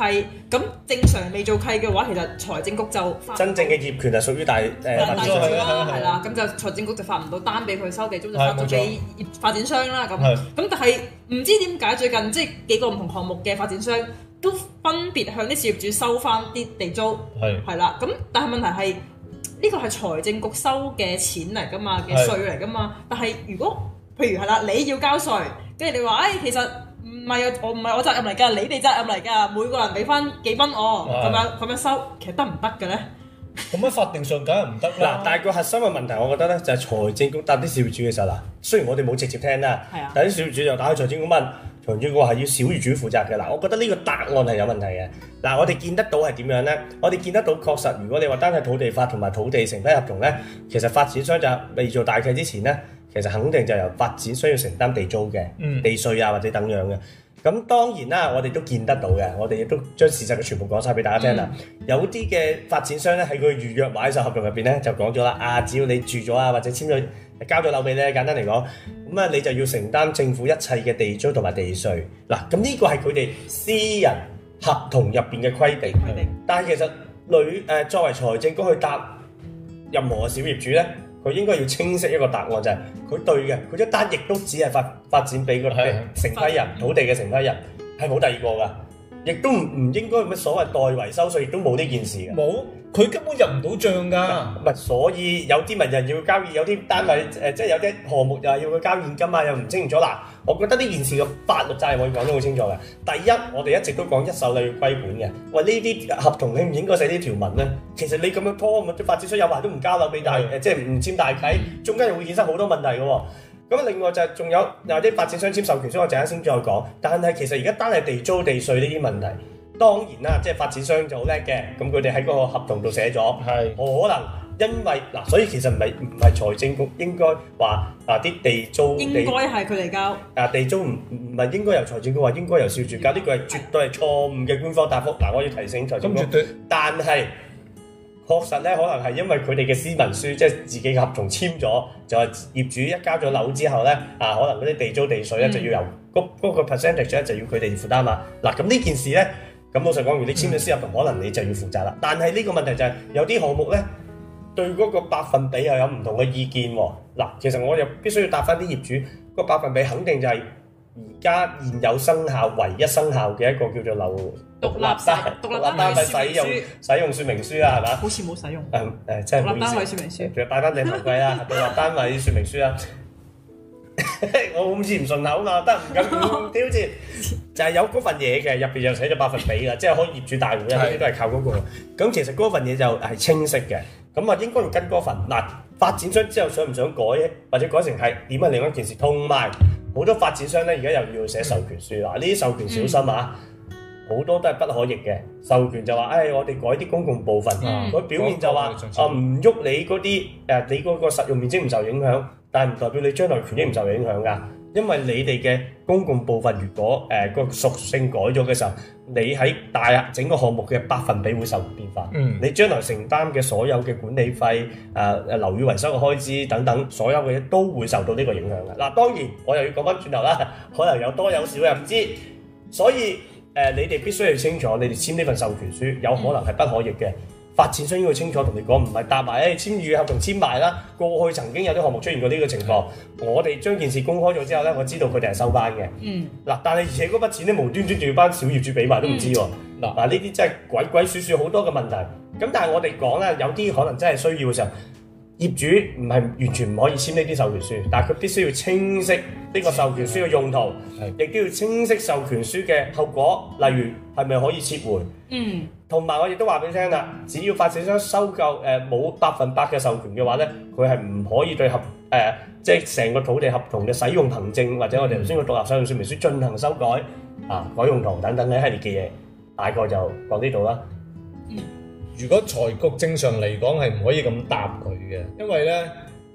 咁正常未做契嘅話，其實財政局就真正嘅業權就屬於大誒發展商啦，係、呃、啦。咁就財政局就發唔到單俾佢收地租，就發咗俾業發展商啦。咁咁是的 但係唔知點解最近即係幾個唔同項目嘅發展商都分別向啲事業主收翻啲地租，係啦是的。咁但係問題係呢個係財政局收嘅錢嚟㗎嘛，嘅稅嚟㗎嘛。但係如果譬如係啦，你要交稅，跟住你話，哎，其實唔係啊，我唔係我責任嚟㗎，你哋責任嚟㗎，每個人俾翻幾蚊我，咁樣咁樣收，其實得唔得嘅咧？咁啊，法定上梗係唔得啦。嗱，但係個核心嘅問題，我覺得咧就係財政局答啲小業主嘅時候啦。雖然我哋冇直接聽啦，但啲小業主就打去財政局問，財政局話係要小業主負責嘅。嗱，我覺得呢個答案係有問題嘅。嗱，我哋見得到係點樣咧？我哋見得到確實，如果你話單係土地法同埋土地承批合同咧，其實發展商就未做大契之前咧。其實肯定就由發展需要承擔地租嘅、嗯、地稅啊，或者等樣嘅。咁當然啦、啊，我哋都見得到嘅，我哋亦都將事實嘅全部講晒俾大家聽啦。嗯、有啲嘅發展商咧，喺佢預約買售合同入邊咧就講咗啦，啊，只要你住咗啊或者簽咗交咗樓俾你，簡單嚟講，咁啊你就要承擔政府一切嘅地租同埋地稅。嗱，咁呢個係佢哋私人合同入邊嘅規定。嗯、但係其實女誒、呃、作為財政局去答任何小業主咧，佢應該要清晰一個答案就係，是，佢對嘅，佢一單亦都只係發，發展俾嗰啲承批人土地嘅承批人，係冇第二個㗎，亦都唔唔應該乜所謂代為收稅，所以亦都冇呢件事嘅。佢根本入唔到帳㗎，唔、啊、所以有啲民人要交易，有啲單位、呃、即係有啲項目就要佢交現金啊，又唔清唔楚啦。我覺得呢件事嘅法律責任我可以講得好清楚嘅。第一，我哋一直都講一手你要歸本嘅，喂，呢啲合同你不應唔應該寫呢條文呢？其實你咁樣拖，咁啲發展商有排都唔交樓俾你，誒的、呃，即係唔簽大契，嗯、中間又會衍生好多問題嘅、哦。咁另外就係、是、仲有有係啲發展商簽授權書，我陣間先再講。但係其實而家單係地租、地稅呢啲問題。當然啦，即係發展商就好叻嘅，咁佢哋喺嗰個合同度寫咗，可能因為嗱，所以其實唔係唔係財政局應該話嗱啲地租，應該係佢哋交。啊，地租唔唔唔係應該由財政局話，應該由小業主交，呢句係絕對係錯誤嘅官方答覆。嗱，我要提醒財政局，但係確實咧，可能係因為佢哋嘅私文書，即係自己嘅合同簽咗，就係業主一交咗樓之後咧，啊，可能嗰啲地租地稅咧就要由嗰嗰個 percentage 咧就要佢哋負擔啦。嗱，咁呢件事咧。咁老實講，如果你簽咗私合同，可能你就要負責啦。但係呢個問題就係、是、有啲項目咧，對嗰個百分比又有唔同嘅意見喎。嗱，其實我又必須要答翻啲業主，個百分比肯定就係而家現有生效、唯一生效嘅一個叫做留獨立單獨立單位使用使用說明書啊，係咪？好似冇使用。誒誒，即係唔好意思。說明書，擺返頂頭盔啊，獨立單位說明書啊。我好似唔順口啊，得唔緊要？點知就係有嗰份嘢嘅，入邊又寫咗百分比噶，即係開業主大會嗰啲都係靠嗰個。咁其實嗰份嘢就係清晰嘅。咁啊，應該要跟嗰份。嗱，發展商之後想唔想改，或者改成係點啊，另外一件事。同埋好多發展商咧，而家又要寫授權書。嗱，呢啲授權小心啊，好多都係不可逆嘅。授權就話，誒，我哋改啲公共部分，佢表面就話，啊，唔喐你嗰啲誒，你嗰個實用面積唔受影響。但係唔代表你將來權益唔受影響㗎，因為你哋嘅公共部分如果誒個屬性改咗嘅時候，你喺大額整個項目嘅百分比會受變化。嗯，你將來承擔嘅所有嘅管理費、誒誒樓宇維修嘅開支等等，所有嘅嘢都會受到呢個影響㗎。嗱，當然我又要講返轉頭啦，可能有多有少又唔知，所以誒你哋必須要清楚，你哋簽呢份授權書有可能係不可逆嘅。發展商應該清楚同你講，唔係搭埋誒簽預約合同簽埋啦。過去曾經有啲項目出現過呢個情況，我哋將件事公開咗之後呢，我知道佢哋係收翻嘅。嗯。嗱，但係而且嗰筆錢咧無端端仲要幫小業主俾埋，都唔知喎。嗱，呢啲真係鬼鬼祟祟好多嘅問題。咁但係我哋講咧，有啲可能真係需要嘅時候，業主唔係完全唔可以簽呢啲授權書，但係佢必須要清晰呢個授權書嘅用途，亦都、嗯、要清晰授權書嘅後果，例如係咪可以撤回。嗯。同埋我亦都話俾你聽啦，只要發展商收購誒冇百分百嘅授權嘅話咧，佢係唔可以對合誒，即係成個土地合同嘅使用憑證或者我哋頭先個獨立使用說明書進行修改啊、改用途等等呢系列嘅嘢，大概就講呢度啦。嗯，如果財局正常嚟講係唔可以咁答佢嘅，因為咧誒、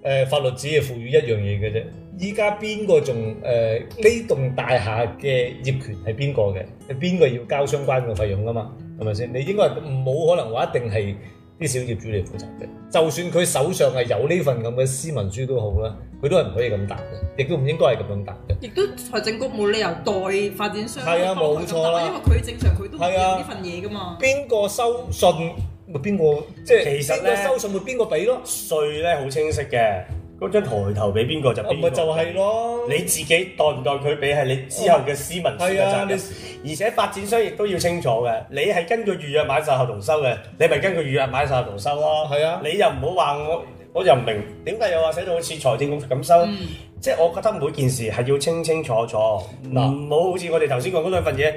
呃、法律只係賦予一樣嘢嘅啫。依家邊個仲誒呢棟大廈嘅業權係邊個嘅？係邊個要交相關嘅費用㗎嘛？係咪先？你應該冇可能話一定係啲小業主嚟負責嘅。就算佢手上係有呢份咁嘅私文書都好啦，佢都係唔可以咁答嘅，亦都唔應該係咁樣答嘅。亦都財政局冇理由代發展商係啊，冇錯啦。因為佢正常佢都要呢份嘢噶嘛。邊個、啊、收信咪邊個即係？其實邊個收信咪邊個俾咯？稅咧好清晰嘅。嗰張台頭俾邊個就邊個，咪、啊、就係咯。你自己代唔代佢俾係你之後嘅私民，而且發展商亦都要清楚嘅。你係根據預約買晒後同收嘅，你咪根據預約買晒後同收咯。係啊，你又唔好話我，我就又唔明點解又話寫到好似財政咁咁收，嗯、即係我覺得每件事係要清清楚楚，嗱、嗯，唔好好似我哋頭先講嗰兩份嘢。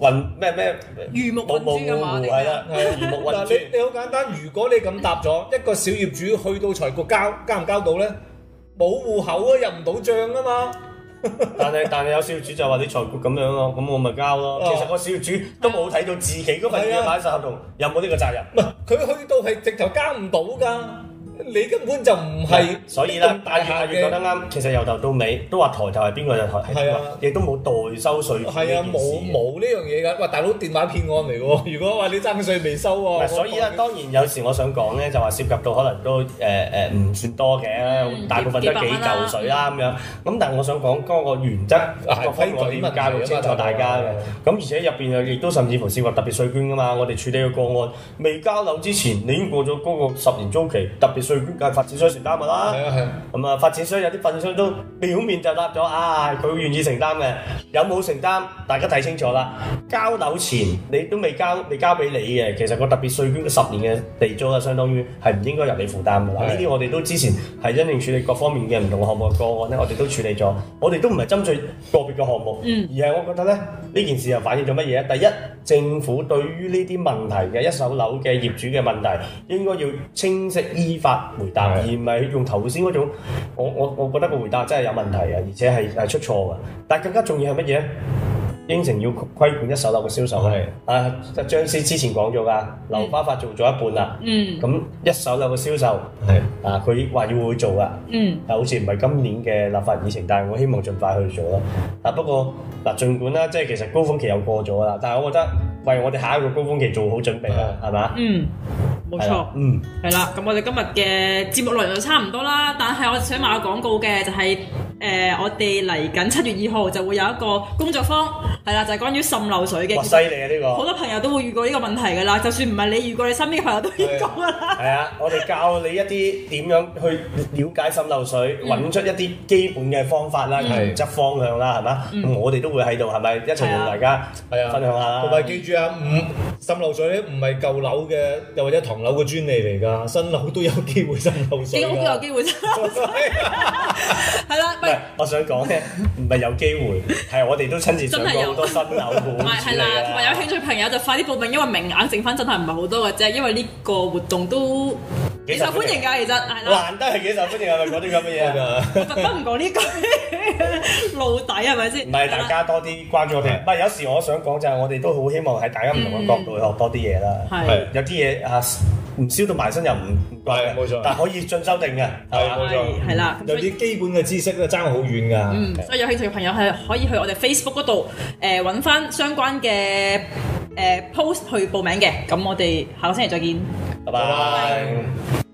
雲咩咩？魚木雲珠嘅嘛，係啦，係魚木雲珠。 你你好簡單，如果你咁答咗一個小業主去到財局交，交唔交到咧？冇戶口啊，入唔到帳啊嘛。 但係但係有小業主就話啲財局咁樣咯，咁我咪交咯。哦、其實個小業主都冇睇到自己嗰份業主買受合同有冇呢個責任。唔係，佢去到係直頭交唔到㗎。你根本就唔係，所以啦，大下嘅其實由頭到尾都話抬頭係邊個就抬係邊個，亦都冇代收稅款嘅件事嘅。冇冇呢樣嘢㗎，喂大佬電話騙案嚟㗎喎！如果話你爭稅未收喎，所以啦，當然有時我想講咧，就話涉及到可能都誒誒唔算多嘅，大部分都幾舊水啦咁樣。咁但係我想講嗰個原則個規矩，介紹清楚大家嘅。咁而且入邊又亦都甚至乎是話特別稅捐㗎嘛，我哋處理個個案未交樓之前，你已經過咗嗰個十年租期，特別。稅捐梗係發展商承擔㗎啦，係啊係啊，咁啊發展商有啲發展商都表面就答咗，啊佢願意承擔嘅，有冇承擔大家睇清楚啦。交樓前你都未交未交俾你嘅，其實個特別稅捐十年嘅地租啊，相當於係唔應該由你負擔嘅啦。呢啲的我哋都之前係因應處理各方面嘅唔同項目個案咧，我哋都處理咗。我哋都唔係針對個別嘅項目，嗯，而係我覺得咧。呢件事又反映咗乜嘢？第一，政府對於呢啲問題嘅一手樓嘅業主嘅問題，應該要清晰依法回答，而唔係用頭先嗰種，我我我覺得個回答真係有問題嘅，而且係係出錯嘅。但更加重要係乜嘢？應承要規管一手樓嘅銷售係的啊，張師之前講咗噶，樓花法做咗一半啦。嗯，咁一手樓嘅銷售係的啊，佢話要會做噶。嗯，但好似唔係今年嘅立法議程，但係我希望盡快去做咯。啊不過嗱，儘、啊、管啦、啊，即係其實高峰期又過咗啦，但係我覺得為我哋下一個高峰期做好準備啦，係咪？嗯，冇錯。嗯，係啦，咁我哋今日嘅節目內容就差唔多啦，但係我想賣個廣告嘅就係、是、誒、呃，我哋嚟緊七月二號就會有一個工作坊。係啦，就係關於滲漏水嘅，好犀利啊，好多朋友都會遇過呢個問題噶啦。就算唔係你遇過，你身邊嘅朋友都遇過啦。係啊，我哋教你一啲點樣去了解滲漏水，揾出一啲基本嘅方法啦、原則方向啦，係嘛？我哋都會喺度，係咪一齊同大家係啊？分享下同埋記住啊，唔滲漏水唔係舊樓嘅，又或者唐樓嘅專利嚟㗎，新樓都有機會滲漏水。幾多屋都有機會滲漏水？係啦，唔係我想講咧，唔係有機會，係我哋都親自上過。多新樓盤，唔係係啦，同埋有興趣朋友就快啲報名，因為名額剩翻真係唔係好多嘅啫。因為呢個活動都幾受歡迎㗎，其實係啦。難得係幾受歡迎啊！嗰啲咁嘅嘢，唔得唔講呢句露底係咪先？唔係，大家多啲關注我哋。唔係有時我想講就係我哋都好希望喺大家唔同嘅角度學多啲嘢啦。係有啲嘢啊，唔燒到埋身又唔唔怪，但可以進修定㗎，冇錯，係啦，有啲基本嘅知識都爭好遠㗎。所以有興趣嘅朋友係可以去我哋 Facebook 嗰度。誒揾翻相關嘅誒、呃、post 去報名嘅。咁我哋下個星期再見，拜拜。